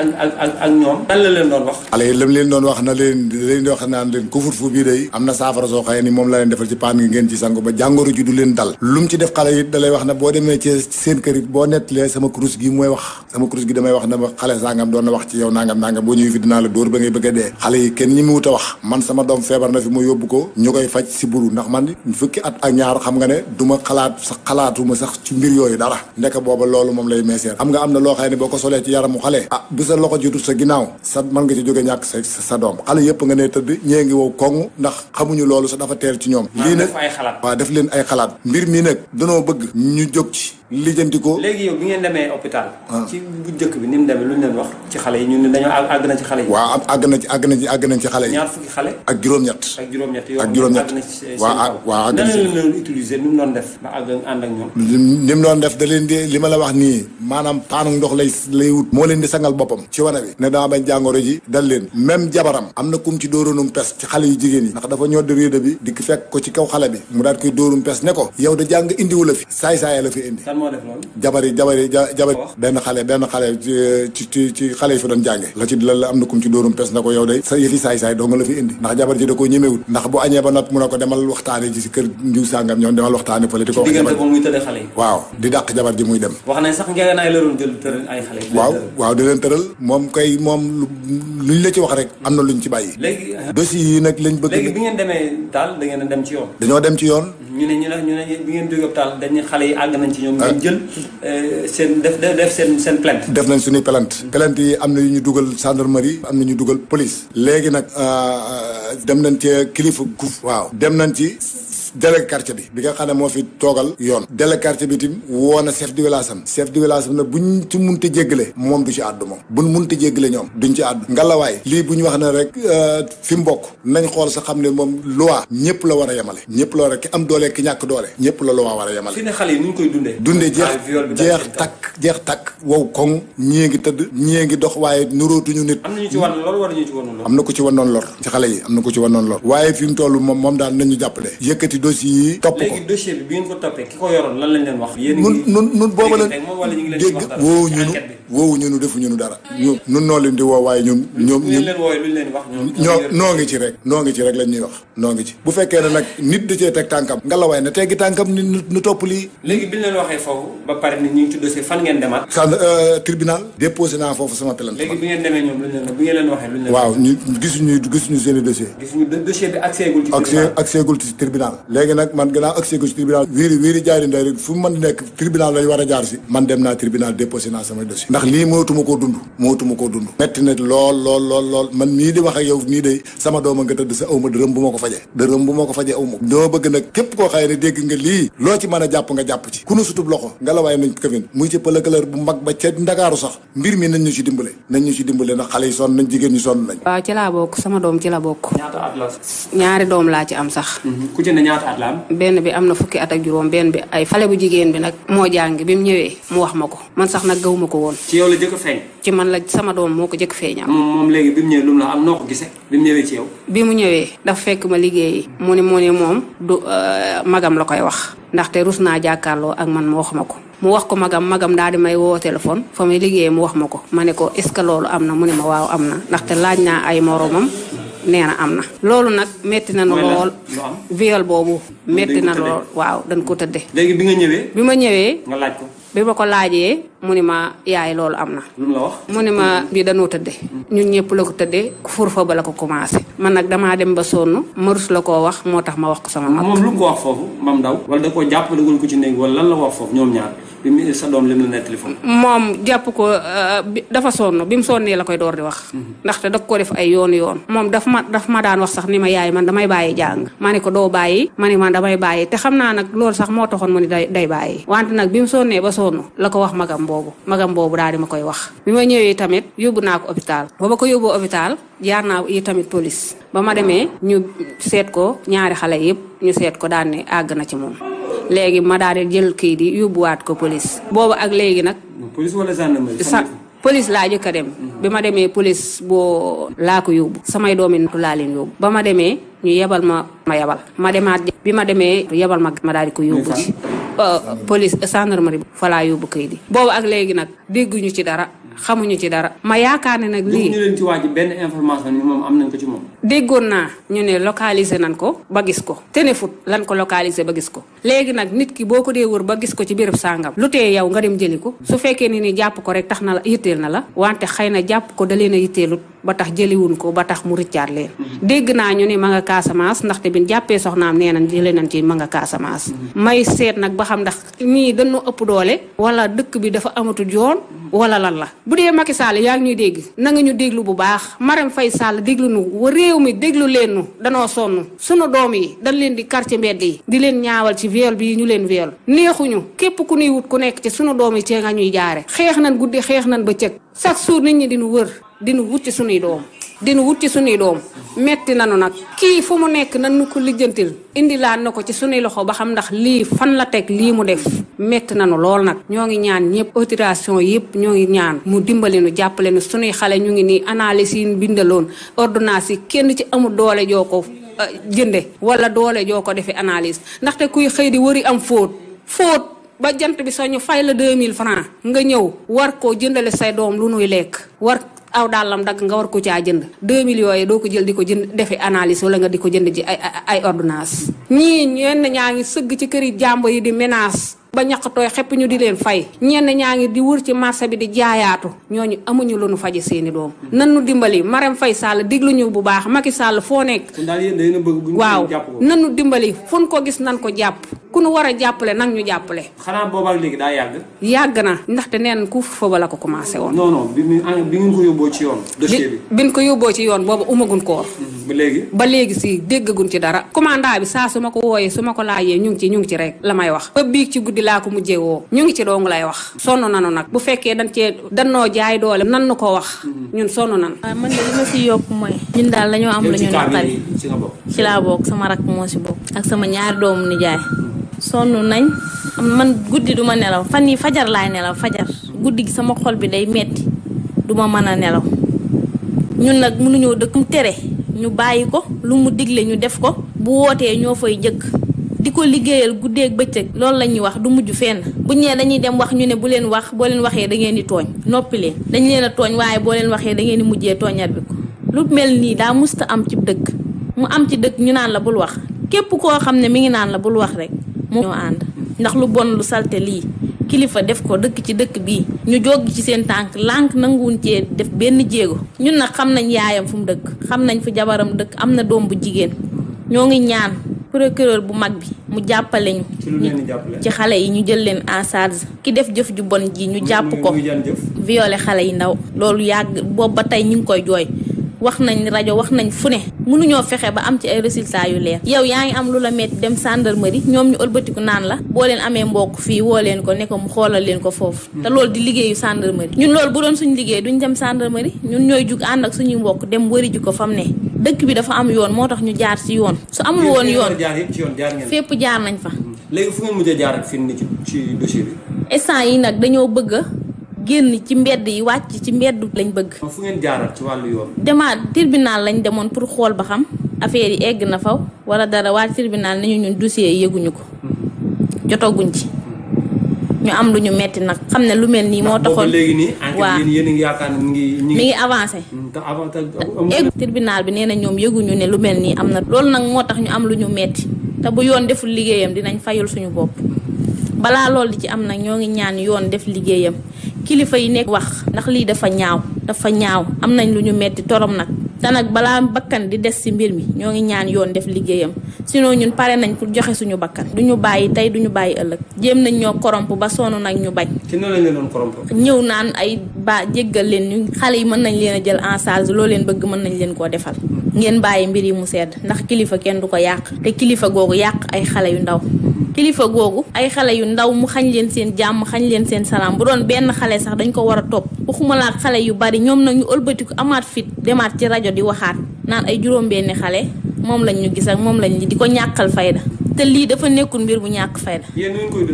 ñoom lan la leen doon wax xale yi lam leen ni moom laa leen defal ci paan gi ngeen ci sangu ba jàngoro ji du leen dal lu ci def xale it da wax na boo demee ci seen kër boo nettalee sama kurus gi mooy wax sama kurus gi damay wax na boo ñëwee fi a dee xale a wax ma sax xalaatuma sax ci mbir yooyu dara ndek booba loolu moom lay meeseer xam nga am na loo xam ne boo ko solee ci yaramu xale ah bu sa loxo sa ginnaaw sa mën nga ci jóge ñàkk sa sa doom xale yëpp nga ne tëdd ñée wow koŋ ndax xamuñu loolu sa dafa teel ci ñoom lii nag waaw def leen ay xalaat mbir mii nag danoo bëgg ñu jóg ci lijjanti ko. léegi yow bi ngeen demee hôpital. Ah. ci bu njëkk bi ni mu demee lu ñu leen wax. ci xale yi ñun ne dañoo àgg na ci xale yi. waaw àgg na ci àgg na ci àgg nañ ci xale yi. ñaar fukki xale. ak juróom-ñett. ak juróom-ñett yoo xam ne àgg na ci seen kaw waaw nan la leen utiliser ni mu doon def. ba àgg ànd ak ñoom. ni mu doon def da leen di li ma la wax nii maanaam paanu ndox lay lay wut. moo leen di sangal boppam. ci wane bi ne daa bañ jàngoro ji. dal leen même jabaram. am na kum ci dóoróonum pes ci xale yu jigéen yi. ndax dafa ñoo de réeda bi dikk fekk ko ci kaw xale bi mu daal koy dóorum pes ne ko yow da jàng indiwu la fi saay saay la fi indi moo def loolu. jabari jabari ja jabari. benn xale benn xale ci ci ci xale yi fi doon jànge la ci la la am na kum ci dóorum pes na ko yow day sa yëfi saay-saay doo nga la fi indi ndax jabar ji da koo ñemewut ndax bu añee ba not mun a ko demal waxtaane ci kër ndiw sàngam ñoom demal waxtaane fële di ko di dàq jabar ji muy dem wax nañ sax ngeen ay lëroon jël tëral ay xale yi waaw uh-huh. yi nag lañ bëgg daal da dem ci yoon dañoo dem ci yoon ñu ne ñu nañ jël euh, seen def def seen seen plainte def nañ suñuy plainte plainte yi am na yu ñu dugal gendarmerie am na ñu dugal police léegi nag euh, euh, dem nañ ci kilifa guuf waaw dem nañ ci délégué quartier bi bi nga xam ne moo fi toogal yoon délégué quartier bi tim woo na chef de village am chef de village am na buñ ci munte moom du ci àddu moom buñ munte jéggale ñoom duñ ci àddu ngalawaay lii bu ñu wax ne rek fi mbokk nañ xool sa xam ne moom loi ñëpp la war a yemale ñëpp la war a ki am doole ki ñàkk doole ñëpp la loi war a yemale fi ne xale yi nuñ koy dundee dundee jeex jeex takk jeex takk wow koŋ ñii ngi tëdd ñii ngi dox waaye nuróotuñu nit am na ñu ci wan lor wala ñu ci wanoon lor am na ko ci wanoon lor ci xale yi am na ko ci wanoon lor waaye fi mu toll moom moom nun nun booba la dégg woowu ñunu woowu ñunu defu ñunu dara noo leen di woo waaye ñun noo ngi ci rek noo ngi ci rek lañ wax noo ngi ci bu fekkee ne nag nit da cee teg tànkam nga na teggi tànkam ni nu topp lii foofu ba pare ni ñu ngi tuddee fan ngeen demaat. xam euh, tribunal. déposé naa foofu sama plainte. léegi bi ngeen i léegi nag man gannaaw accès ci tribunal. wiiri wiiri jaari ndey rek fu mu nekk tribunal lañ war a jaar si. man dem naa tribunal déposé naa sama dossier. ndax lii mootuma koo dund. mootuma koo dund. metti na lool lool lool man mii di wax yow mii de sama dooma nga tëdd sa aw ma dërëm bu ma ko fajee dërëm bu ma ko fajee aw ma doo bëgg nag képp koo xaye ne dégg nga lii loo ci mën a jàpp nga sutub loxo ngelawaay nañ këfin muy ci pëlëkëlër bu mag ba ca ndakaaru sax mbir mi nañ ñu si dimbale nañ ñu si dimbale ndax xale yi sonn nañ jigéen ñi sonn nañ waaw ci laa bokk sama doom ci la bokk ñaata at ñaari doom laa ci am sax mhm. ku ci ne ñaata la am benn bi am na fukki at ak juróom benn bi ay xale bu jigéen bi nag moo jàngi bi mu ñëwee mu wax ma ko man sax nag gaw ma ko woon ci yow la jëkk feeñ ci man la sama doom moo ko jëkk feeñam moom léegi bi mu ñëwee bi mu ñëwee ci yow bi dafa fekk ma liggéeyi mu ne mu ne moom du euh, magam la koy wax ndaxte rus naa jàkkaarloo ak man wax ma ko mu wax ko magam magam daal di may woo téléphone fa muy liggéeyee mu wax ma ko ma ne ko est ce que loolu am na mu ne ma waaw am na ndaxte laaj naa ay moromam nee na am na. loolu nag metti na lool. viol boobu métti na lool waaw dañ ko tëddee. bi nga ñëwee. bi ma ñëwee. bi ma ko laajee mu ni ma yaay loolu am na. lu la wax mu ni ma bii danoo tëdde ñun ñëpp la ko tëddee fur fa ba la ko commencé. man nag damaa dem ba sonn ma la koo wax moo tax ma wax ko sama mag. moom lu ko wax foofu mam daw. wala da koo jàpp dugal ko ci néeg wala lan la wax foofu ñoom ñaar. sa doom lim moom jàpp ko euh, dafa sonn bi mu sonnee la koy door di wax. Mhm. ndaxte daf ko def ay yoon yoon. moom daf ma daf ma daan wax sax ni ma yaay man damay bàyyi jàng. ma ne ko doo bàyyi. ma ne man damay bàyyi te xam naa nag loolu sax moo taxoon mu ni day day bàyyi. wante nag bi mu sonnee ba sonn la ko wax magam boobu magam boobu daa di ma koy wax. bi ma ñëwee tamit yóbbu naa ko hôpital. ba ma ko yóbbu hôpital jaar naa yi tamit police. ba ma demee ñu seet ko ñaari xale yëpp ñu seet ko daan ne na ci moom. léegi ma daal jël kayit yi yóbbuwaat ko police boobu ak léegi nag. police wala gendarmerie sa police laa jëkk dem. Mm-hmm. bi ma demee police boo laa ko yóbbu. samay doomi natu laa leen yóbbu. ba ma demee ñu yebal ma ma yebal. ma demaat bi ma demee yebal ma ma daal ko yóbbu ci. police gendarmerie fa laa yóbbu kayit yi. boobu ak léegi nag dégguñu ci dara xamuñu ci dara. ma yaakaar ne nag lii. ñu déggoon naa ñu ne localiser nañ ko ba gis ko Ténéfoot lan ko localiser ba gis ko léegi nag nit ki boo ko dee wër ba gis ko ci béréb sàngam lu te yow nga dem jëli ko su fekkee ne ni jàpp ko rek tax na la yitteel na la wante xëy na jàpp ko da leen a yitteelut ba tax jëliwun ko ba tax mu riccaat leen mm-hmm. dégg naa ñu ne ma nga Casamance ndaxte bin jàppee soxnaam nee nañ jëlee nañ ci ma nga Casamance mm-hmm. may seet nag ba xam ndax ñii dañu ëpp doole wala dëkk bi dafa amatul yoon mm-hmm. wala lan la bu dee Macky Sall yaa ngi ñuy dégg réew mi déglu leen nu danoo sonn sunu doom yi dañ leen di kar ci mbedd yi di leen ñaawal ci viol bii ñu leen viol neexuñu képp ku nuy wut ku nekk ci sunu doom yi cee nga ñuy jaare xeex nan guddi xeex nan bëccëg chaque jour nit ñi dinu wër dinu wut ci sunuy doom dina wut ci suñuy doom metti nanu nag kii fu mu nekk nan nu ko lijjantil indi laat na ko ci suñuy loxo ba xam ndax lii fan la teg lii mu def metti nanu lool nag ñoo ngi ñaan ñëpp autorisation yëpp ñoo ngi ñaan mu dimbali nu jàppale nu suñuy xale ñu ngi nii analyse yi bindaloon ordonnance yi kenn ci amul doole joo ko euh, jënde wala doole joo ko defee analyse ndaxte kuy xëy di wëri am fóot fóot ba jant bi sax ñu fay la 2000 francs nga ñëw war koo jëndale say doom lu nuy lekk aw dàllam dagg nga war ko caa jënd 2 millions yi doo ko jël di ko jënd defi analyse wala nga di ko jënd ji ay ay ordonnance ñii ñenn ñaa ngi sëgg ci këri jàmbo yi di menace ba ñaq tooy xepp ñu di leen fay ñenn ñaa ngi di wër ci marché bi di jaayaatu ñoo ñu amuñu lu nu faje seeni doom hmm. nan nu dimbali Marème Faye Sall diglu ñu bu baax ma Macky Sall foo nekk waaw nan dimbali fun ko gis nan ko jàpp ku nu war a jàppale nag ñu jàppale. xanaa boobaak léegi daa yàgg. yàgg na ndaxte neen ku couvre la ko commencé woon. non non bi ah, bi ngeen ko yóbboo ci yoon. dossier bi bi ko yóbboo ci yoon boobu umagun koor. Mm-hmm, ba léegi si déggagun ci dara. commandant bi saa su ma ko wooyee su ma ko laajee ñu ngi ci ñu ngi ci rek la may wax. ba biig ci guddi laa ko mujjee woo. ñu ngi ci dong lay wax. sonn nanu nag bu fekkee dañ cee danoo jaay doole nan nu ko wax. Mm-hmm. ñun sonn nanu. waaw ah, man li ma si yokk mooy. ñun daal la am lu ñu naqari ci laa sama rakk moo ci bokk ak sama ñaari doomu nijaay sonn nañ man guddi du ma nelaw fan yi fajar laay nelaw fajar guddi gi sama xol bi day metti du ma mën a nelaw ñun nag mënuñoo dëkkum tere ñu bàyyi ko lu mu digle ñu def ko bu wootee ñoo fay jëkk di ko liggéeyal guddeek bëccëg loolu la ñuy wax du mujj fenn buñ nee dañuy dem wax ñu ne bu leen wax boo leen waxee dangeen di tooñ noppi leen dañ leen a tooñ waaye boo leen waxee da ngeen di mujjee tooñat bi ko mel nii daa musta am ci dëkk mu am ci dëkk ñu naan la bul wax képp koo xam ne mi ngi naan la bul wax rek mu ñoo ànd ndax lu bon lu salte lii kilifa def ko dëkk ci dëkk bii ñu jog ci seen tànk lànk nanguwuñ cee def benn jéego ñun nag xam nañ yaayam fu mu dëkk xam nañ fu jabaram dëkk am na doom bu jigéen ñoo ngi ñaan procureur bu mag bi mu jàppale ñu ci xale yi ñu jël leen en charge ki def jëf ju bon ji ñu jàpp ko violé xale yi ndaw loolu yàgg boobu ba tey ñu ngi koy jooy wax nañ rajo wax nañ fu ne mënuñoo fexe ba am ci ay résultats yu leer yow yaa ngi am lu la metti dem gendarmerie ñoom ñu ëlbatiku naan la boo leen amee mbokk fii woo leen ko ne ko mu xoolal leen ko foofu hmm. te loolu di liggéeyu gendarmerie ñun loolu bu doon suñu liggéey duñ dem gendarmerie ñun ñooy jug ànd ak suñuy mbokk dem wëri ko fam ne dëkk bi dafa am yoon moo tax ñu jaar ci yoon su amul woon yoon fépp jaar nañ fa hmm. léegi fu ngeen mujj fi ci yi nag dañoo bëgg génn ci mbedd yi wàcc ci mbedd lañ bëgg. fu ngeen jaaral ci demaat tribunal lañ demoon pour xool ba xam affaire yi egg na faw wala dara waa tribunal nañu ñun dossier yi yëguñu ko. Mm-hmm. jotaguñ ci. Mm-hmm. ñu am lu ñu metti nag xam ne lu mel nii moo taxoon léegi nii ngi yaakaar ne mi ngi mm, bi nee na ñoom yëguñu ne lu mel nii am na loolu nag moo tax ñu am lu ñu metti te bu yoon deful liggéeyam dinañ fayul suñu bopp mm-hmm. balaa loolu di ci am nag ñoo ngi ñaan yoon def liggéeyam kilifa yi nekk wax ndax lii dafa ñaaw dafa ñaaw am nañ lu ñu metti torom nag te nag balaa bakkan di des ci mbir mi ñoo ngi ñaan yoon def liggéeyam si sinon ñun pare nañ pour joxe suñu bakkan du ñu bàyyi tey du ñu bàyyi ëllëg jéem nañ ñoo koromp ba sonn nag ñu bañ ci noonu lañ leen doon ñëw naan ay ba jéggal leen ñu xale yi mën nañ leen a jël en charge leen bëgg mën nañ leen koo defal mm. ngeen bàyyi mbir yi mu sedd ndax kilifa kenn du ko yàq te kilifa googu yàq ay xale yu ndaw kilifa googu ay xale yu ndaw mu xañ leen seen jàmm xañ leen seen salaam bu doon benn xale sax dañ ko war a topp waxuma laa xale yu bari ñoom nag ñu ëlbatiku amaat fit demaat ci rajo di waxaat naan ay juróom-benni xale moom lañ ñu gis ak moom lañ di ko ñàkkal fayda te lii dafa nekkul mbir bu ñàkk fayda. yéen ñu koy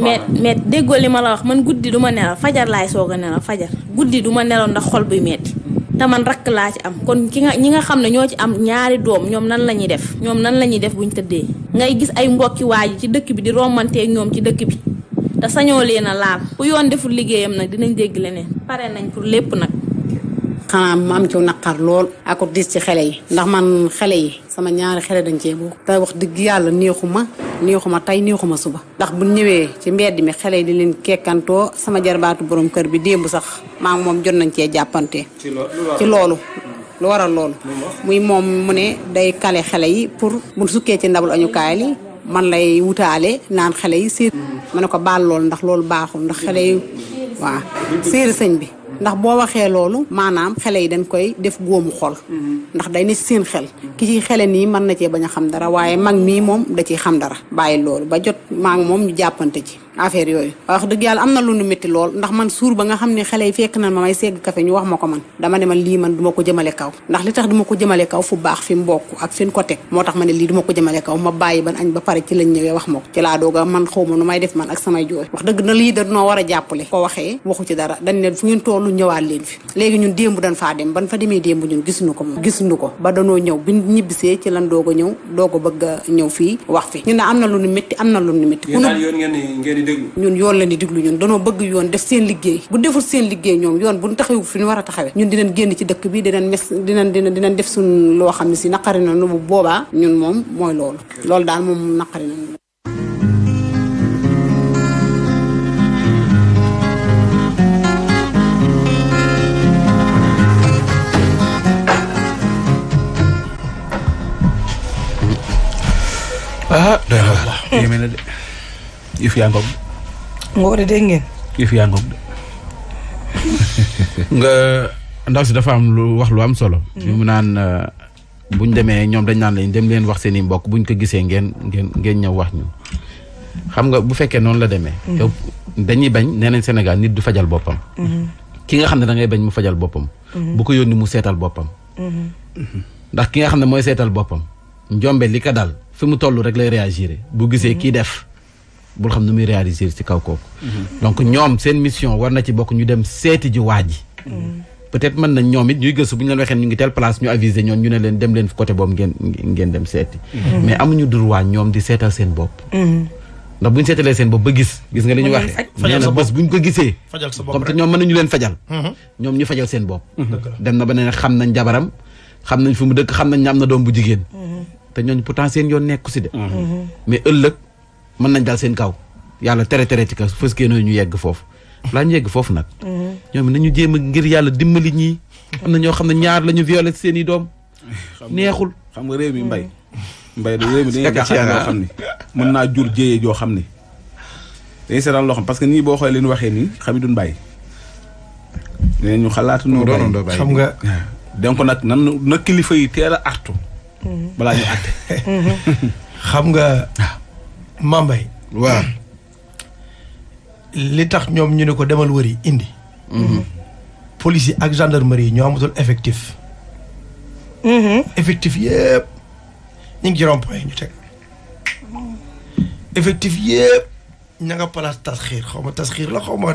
mais mais déggoo li ma la wax man guddi du ma nelaw fajar laay soog a nelaw fajar guddi du ma nelaw ndax xol buy metti te man rakk laa ci am kon ki nga ñi nga xam ne ñoo ci am ñaari doom ñoom nan la ñuy def ñoom nan la ñuy def ñu tëddee ngay gis ay mbokki waay ci dëkk bi di romanteeg ñoom ci dëkk bi te sañoo leen a laal bu yoon deful liggéeyam nag dinañ dégg leneen pare nañ pour lépp nag xanaa ma am ci naqar lool ako diis ci xele yi ndax man xale yi sama ñaari xale dañ cee bokk te wax dëgg yàlla neexu ma neexu ma tey neexu ma suba ndax bu ñëwee ci mbedd mi xale yi di leen kekkantoo sama jarbaatu borom kër bi démb sax maa ngi moom jot nañ cee jàppante ci loolu lu waral loolu muy moom mu ne day kale xale yi pour bu sukkee ci ndabul añukaay li man lay wutaale naan xale yi séer ma ne ko baal lool ndax loolu baaxul ndax xale yi waaw séeri ndax boo waxee loolu maanaam xele yi dañ koy def góomu xol mm-hmm. ndax day ne seen xel ki ci xele nii mën na cee bañ a xam dara waaye mag mii moom da ciy xam dara bàyyi loolu ba jot maa moom ñu jàppante ci affaire yooyu wax dëgg yàlla am na lu nu métti lool ndax man suur ba nga xam ne xale yi fekk na ma may segg café ñu wax ma ko man dama ne man lii man duma ko jëmale kaw ndax li tax duma ko jëmale kaw fu baax fi mu bokk ak fi tax ma ne lii duma ko jëmale kaw ma bàyyi ban ba pare ci lañ ñëwee wax ma laa dooga man xaw ma nu man ak samay jooy wax dëgg na lii da a jàppale ko waxee waxu ci dara dañ ne fu ngeen tollu ñëwaat leen fi léegi ñun démb dañ faa dem ban fa demee démb ñun gisuñu ko moom gisuñu ko ba danoo ñëw bi ñibbisee ci lan doog a ñëw doog a bëgg ñëw fii wax fi ñu ne am na lu nu métti am na lu nu métti ñun yoon la ni déglu ñun danoo bëgg yoon def seen liggéey bu deful seen liggéey ñoom yoon buñ taxawu fi ñu war a taxawee ñun dinañ génn ci dëkk bi dinañ mes dinañ dinañ dinañ def suñ loo xam ne si naqari na nu bu boobaa ñun moom mooy loolu loolu daal moom naqari na ah yëf yaa ngoog. Ngor dégg de. nga ndaw si dafa am lu wax lu am solo. mu mm. naan euh, buñ demee ñoom dañ naan lañ dem leen wax seen i mbokk buñ ko gisee ngeen ngeen ngeen ñëw wax ñu. xam nga bu fekkee noonu la demee. yow mm. dañuy bañ nee nañ senegal nit du fajal boppam. Mm-hmm. ki nga xam ne dangay bañ mu fajal boppam. Mm-hmm. bu ko yónni mu seetal boppam. Mm-hmm. ndax ki nga xam ne mooy seetal boppam. njombe li ko daal fi mu toll rek lay réagir bu gisee kii def. bul xam nu muy réaliser ci kaw kooku. Mhm. donc ñoom seen mission war na ci bokk ñu dem seeti ji waa ji. Mhm. peut-être mën nañ ñoom it ñuy gëstu bu ñu leen waxee ñu ngi teel place ñu aviser ñu ne leen dem leen côté boobu ngeen dem seeti. Mhm. mais amuñu droit ñoom di seetal seen bopp. ndax bu ñu seetalee seen bopp ba gis gis nga li ñu waxee bu ñu ko gisee comme te ñoom mën nañu leen fajal ñoom ñu fajal seen bopp dem na ba ne xam nañ jabaram xam nañ fu mu dëkk xam mën nañ dal seen kaw yàlla tere tere ci kaw fës kee ñu yegg foofu laa ñu yegg foofu nag. Mhm. ñoom nañu jéem a ngir yàlla dimbali ñi am na ñoo xam ne ñaar lañu ñu seeni doom. neexul xam réew mi mbay. mbay da réew mi dañuy jaaxal loo xam ne mën naa jur jéyee joo xam ne. dañuy seetaan loo parce que nii boo xoolee li waxee nii xam duñ bàyyi. nee ñu xalaatu noo bàyyi xam nga. donc nag nan na kilifa yi teel a artu. Mhm. balaa ñu àtte. Mhm. xam nga. Ah. Mambay. waaw li tax ñoom ñu ne ko demal wëri indi. Mm-hmm. police yi ak gendarmerie yi ñoo amatul effectif. Mm-hmm. effectif yëpp ñu ngi point ñu teg effectif yëpp ña nga place tas xiir xaw ma tas xiir la xaw ma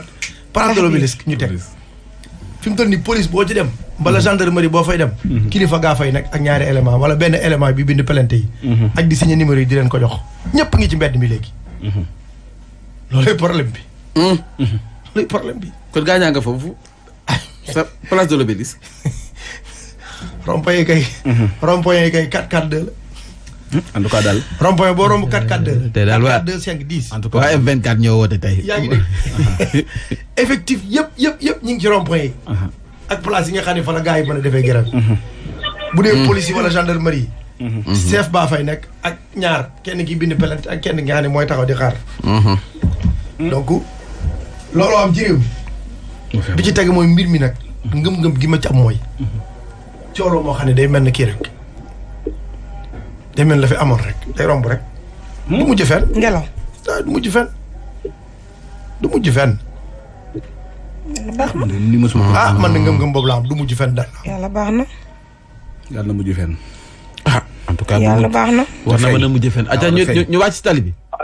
place de ñu teg. fi mu toll nii police boo ci dem. wala mhm. gendarmerie boo fay dem. Mhm. kilifa gaa fay nekk ak ñaari élément wala benn élément bi bind plainte yi. Mhm. ak di signé numéro yi di leen ko jox. ñëpp ngi ci mbedd mi léegi. loolooy problème bi. loolooy problème bi. kon gaañaa nga foofu sa place de l'obélisque. rond-point yi kay. rond-point yi kay 4-4-2 en daal. rond boo romb 4 4 2. tey daal waa 4 2 5 10. en tout cas waa F24 ñoo woote tey. yaa ngi effectif yëpp yëpp yëpp ñu ngi ci rond yi. Uh-huh. ak place yi nga xam ne fa la gars yi mën a defee grève. Uh-huh. bu dee uh-huh. police yi wala gendarmerie yi. baa fay nekk ak ñaar kenn ki bind plainte ak kenn nga xam mooy taxaw di xaar. donc looloo am ci bi ci teg mooy mbir mi nag. ngëm-ngëm gi ma ci am mooy. cooloo moo xam ne day mel na kii rek. demeen la fi amoon rek rek. Hmm? du mujj fenn. ngelaw ah, du mujj fenn du mujj fenn. baax na ah man na ngëm-ngëm boobu la am du mujj fenn dara. yàlla baax na. yàlla na mujj fenn. ah en tout cas. yàlla baax na. war na a mujj ah, ñu wàcc tali bi. Ah,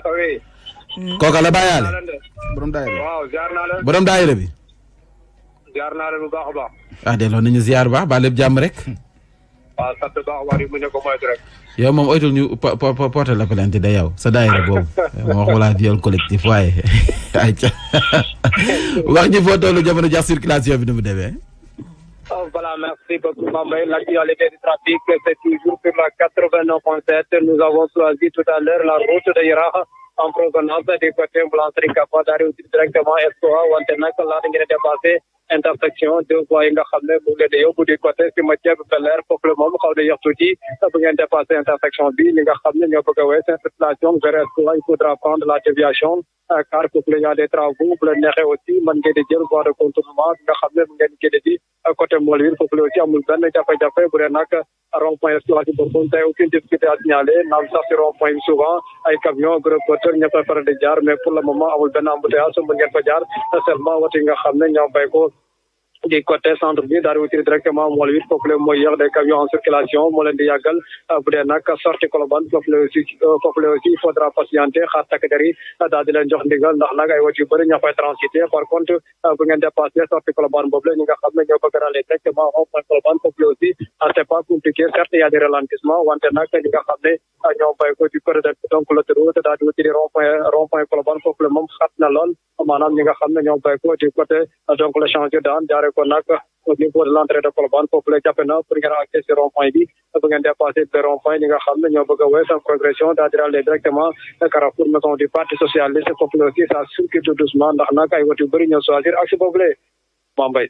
hmm. kooka la bàyyaale. borom daayira waaw ziar naa la. borom daayira bi. ziar naa la bu baax a baax. ah delloo nañu jàmm rek. rek. yow moom oytul ñu porté la plainte de yow sa daayira boobu ma wax wala viol collectif waaye ayca wax ñu foo tollu jamono jax circulation bi nu mu demee ah, voilà merci beaucoup Mambay l'actualité du trafic c'est toujours sur la 89.7 nous avons choisi tout à l'heure la route de Yarax en provenance du côté Blanchard Kapadour directement Espoir wante nag laata ngeen dépassé intersection deux voies yi nga xam ne bu ngeen di yóbbu di côté si matière bu Bel-Air foofu la xaw na yéex tuuti bu nga xam ne ñoo bëgg a wees circulation vers Espoir il faudra prendre la déviation euh, car foofu la y a des travaux bu la aussi mën ngeen di jël voie de contournement nga xam ne bu ngeen génne di euh, côté Molvir foofu aussi amul benn jafe-jafe bu dee rond-point souvent ay camions gros porteurs ñëpp a faral di jaar mais pour le moment amul benn embouteillage mën ngeen nga xam ne ñoo ko di côté centre bi daal di wutiri directement mool wit mooy yéex des camions en circulation moo di yàggal euh, bu sorti Colobane foofu la aussi euh, foofu la aussi euh, xam ne ñoo bëgg a rale directement la aussi c'est pas a des jaaree ko nag au niveau de l'entrée de Colobane foofu la jàppe na pour ngeen accès si rond point bi bu ngeen dépassé ba rond point li nga ne ñoo bëgg a wees en progression daa dirale directement carrefour maison du parti socialiste foofu la aussi ça circule tout doucement ndax nag ay wot yu bëri ñoo choisir accès boobu la Mbaye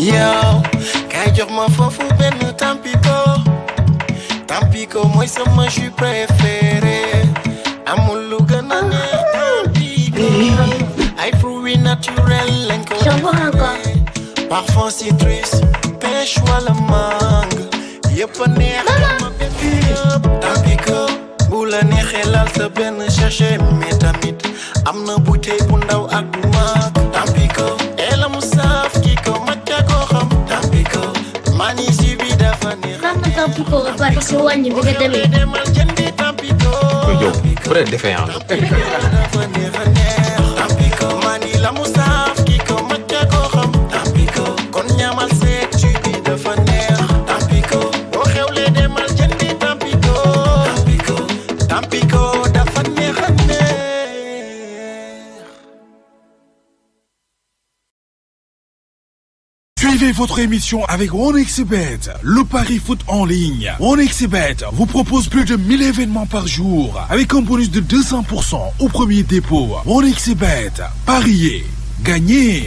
yow kay jox ma foofu benn tampiko tampiko mooy sama jus préféré amul lu gën a neex tampiko ay fruits naturels lañ ko parfum citrus pêche wala mangue yëpp a neex ma bépp tampiko bu la neexee laal sa benn sachet mais am na bouteille bu ndaw ak bu ko nga pare parce que wàññi bi nga demee. yow bu dee défaillant Suivez votre émission avec OneXBet, le pari foot en ligne. OneXBet vous propose plus de 1000 événements par jour avec un bonus de au premier dépôt. OneXBet, pariez, gagnez.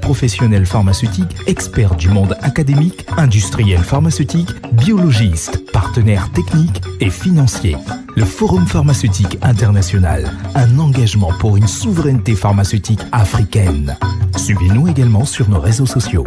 professionnel pharmaceutique, expert du monde académique, industriel pharmaceutique, biologiste, partenaire technique et financier. Le Forum pharmaceutique international, un engagement pour une souveraineté pharmaceutique africaine. Suivez-nous également sur nos réseaux sociaux.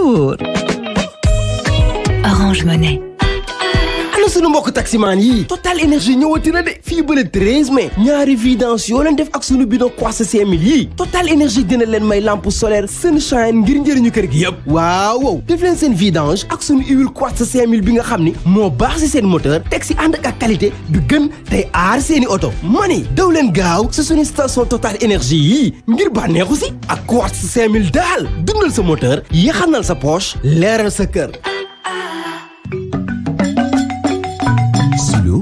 jour. Orange Monnaie. ana suñu mbokk taximaan yii Total énergie ñëwati na de fii ba le ñaari vidange yoo leen def ak suñu bidon Quaster 5000 yii Total énergie dina leen may lampe solaire sunshine ngir njëriñu kër gi yëpp waaw waaw def leen seen vidange ak suñu huile Quaster 5000 bi nga xam ni moo baax si seen moteur teg si ànd ak qualité bi gën tey aar seeni oto mani daw leen gaaw si suñu station Total énergie yii ngir bànneexu si ak Quaster 5000 daal dundal sa moteur yaxanal sa poche leeral sa kër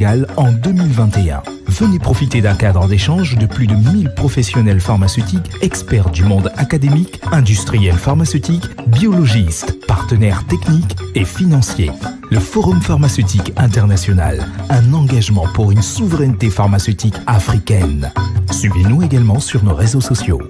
Sénégal en 2021. Venez profiter d'un cadre d'échange de plus de 1000 professionnels pharmaceutiques, experts du monde académique, industriels pharmaceutiques, biologistes, partenaires techniques et financiers. Le Forum pharmaceutique international, un engagement pour une souveraineté pharmaceutique africaine. Suivez-nous également sur nos réseaux sociaux.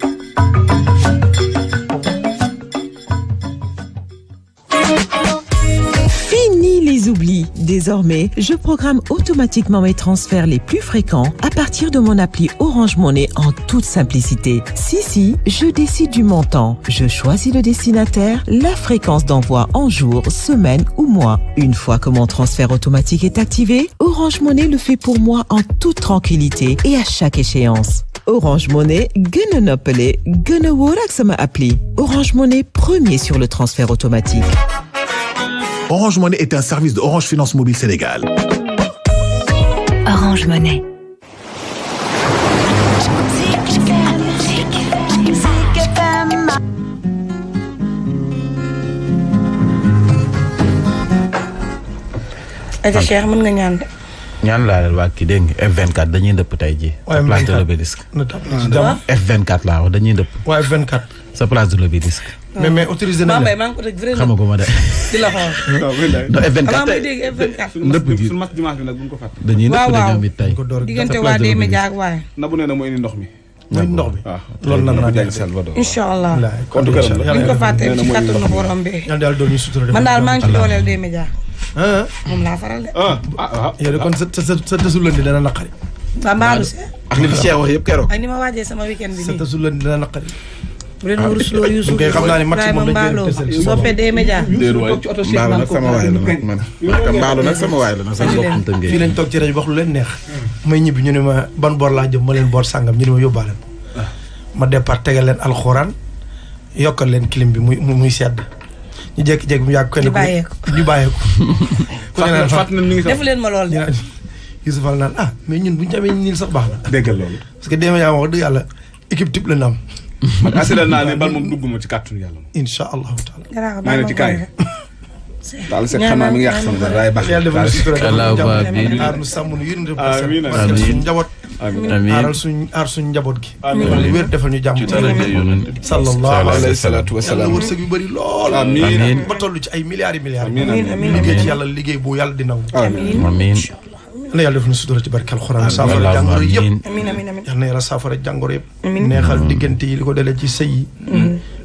oubli. Désormais, je programme automatiquement mes transferts les plus fréquents à partir de mon appli Orange Monnaie en toute simplicité. Si, si, je décide du montant. Je choisis le destinataire, la fréquence d'envoi en jour, semaine ou mois. Une fois que mon transfert automatique est activé, Orange Monnaie le fait pour moi en toute tranquillité et à chaque échéance. Orange Monnaie gën a gën a wóor sama appli Orange Monnaie premier sur le transfert automatique Orange Money est un service de Orange Finance Mobile Sénégal. Orange Money. Aja Cheikh nga ñaan de. ñaan laa leen waa kii dégg nga f dañuy ndëpp tey jii. sa place de l'Obélisque. F24 laa dañuy ndëpp. waaw F24. sa place de l'Obélisque. mais mais autorisé nañ la maa ngi xamaguma de. di la xool. waaw F24 match dimanche bi nag bu ñu ko fàtte. dañuy nëpp de ñoom it tey diggante waa D-Media ak waaye. nabu nee na mooy indi ndox mi. mooy ndox bi waaw ah, loolu nag naa dégg Salvador. incha allah kon du gërëm la bu ñu ko fàttee ci kàttanu borom bi. yàlla daal doon ñu sutura man daal maa ngi ci dooleel D-Media. Ah, ah. moom laa faral de. ah ah yow de kon sa sa sa tësul lëndi dana naqari. waaw Maalou Seck. ak li fi Cheikh wax yëpp keroog. ak ni ma waajee sama weekend bi nii sa tësul lëndi dana naqari bu leen ah, ma rusloo Youssouf xam naa ne maximum dañu koy tësal sama waay la man mbaalo nag sama waay la nag fii lañ toog ci rajo wax lu leen neex may ñibbi ñu ne ma ban boor laa jëm ma leen boor sàngam ñu ne ma yóbbaale ah. ma départ tegal leen alxuraan yokkal leen clim bi muy muy sedd ñu jékki-jékki mu yàgg kenn ñu bàyyeeku ñu bàyyeeku fàtt na mi ngi sax def leen ma lool de Youssouf naan ah bu ñu amee ñun sax baax na déggal loolu parce que dee média wax dëgg yàlla équipe type la ñu am man assuré naa ne bal moom dugg ma ci kàttanu yàlla. incha allahu taala. maa ngi ci kaay. daal seet xanaa mi ngi yàq sama dara daay baax. yàlla defal sutura aar nu sàmm nu yëngu amiin amiin suñu njaboot. amiin aaral suñu aar suñu njaboot gi. amiin wér defal ñu jàmm. ci daraja yonent bi sallallahu alayhi salaatu wa salaam. yàlla wërsëg yu bëri lool. amiin ba toll ci ay milliards yi milliards. amiin amiin liggéey ci yàlla liggéey bu yàlla di nangu. amiin amiin na yàlla def na sutura ci barke alxuraan saafara jàngoro yëpp amiin amiin amiin yal na yàlla saafara jàngoro yëpp neexal diggante yi li ko dalee ci sëy yi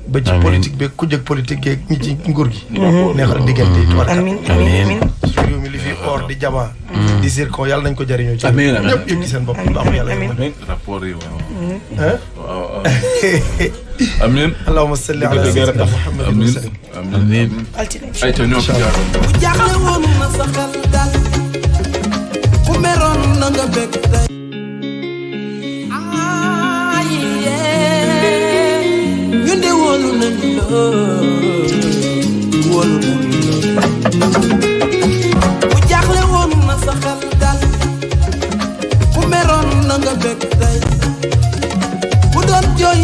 ba ci politique beeg ku jëg politique geeg ñi ci nguur gi neexal diggante yi tubarka amiin amiin réew mi li fi or di jamaa mm. di zircon yàlla nañ ko jëriñoo ci ñëpp yëg ci seen bopp baax yàlla rapport yi waaw amiin allahumma salli ala sayyidina muhammadin wa sallim amiin altine ay te ñoo fi jaaroon na nga bég tey ah, aaye ñu de wóolu nañu la wóolu nañu la ku jaaxle woon na sa xel dal ku meroon na nga bég tey ku doon jooy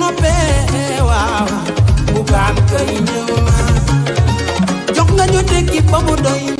noppee waaw bugaan koy ñëw jox nga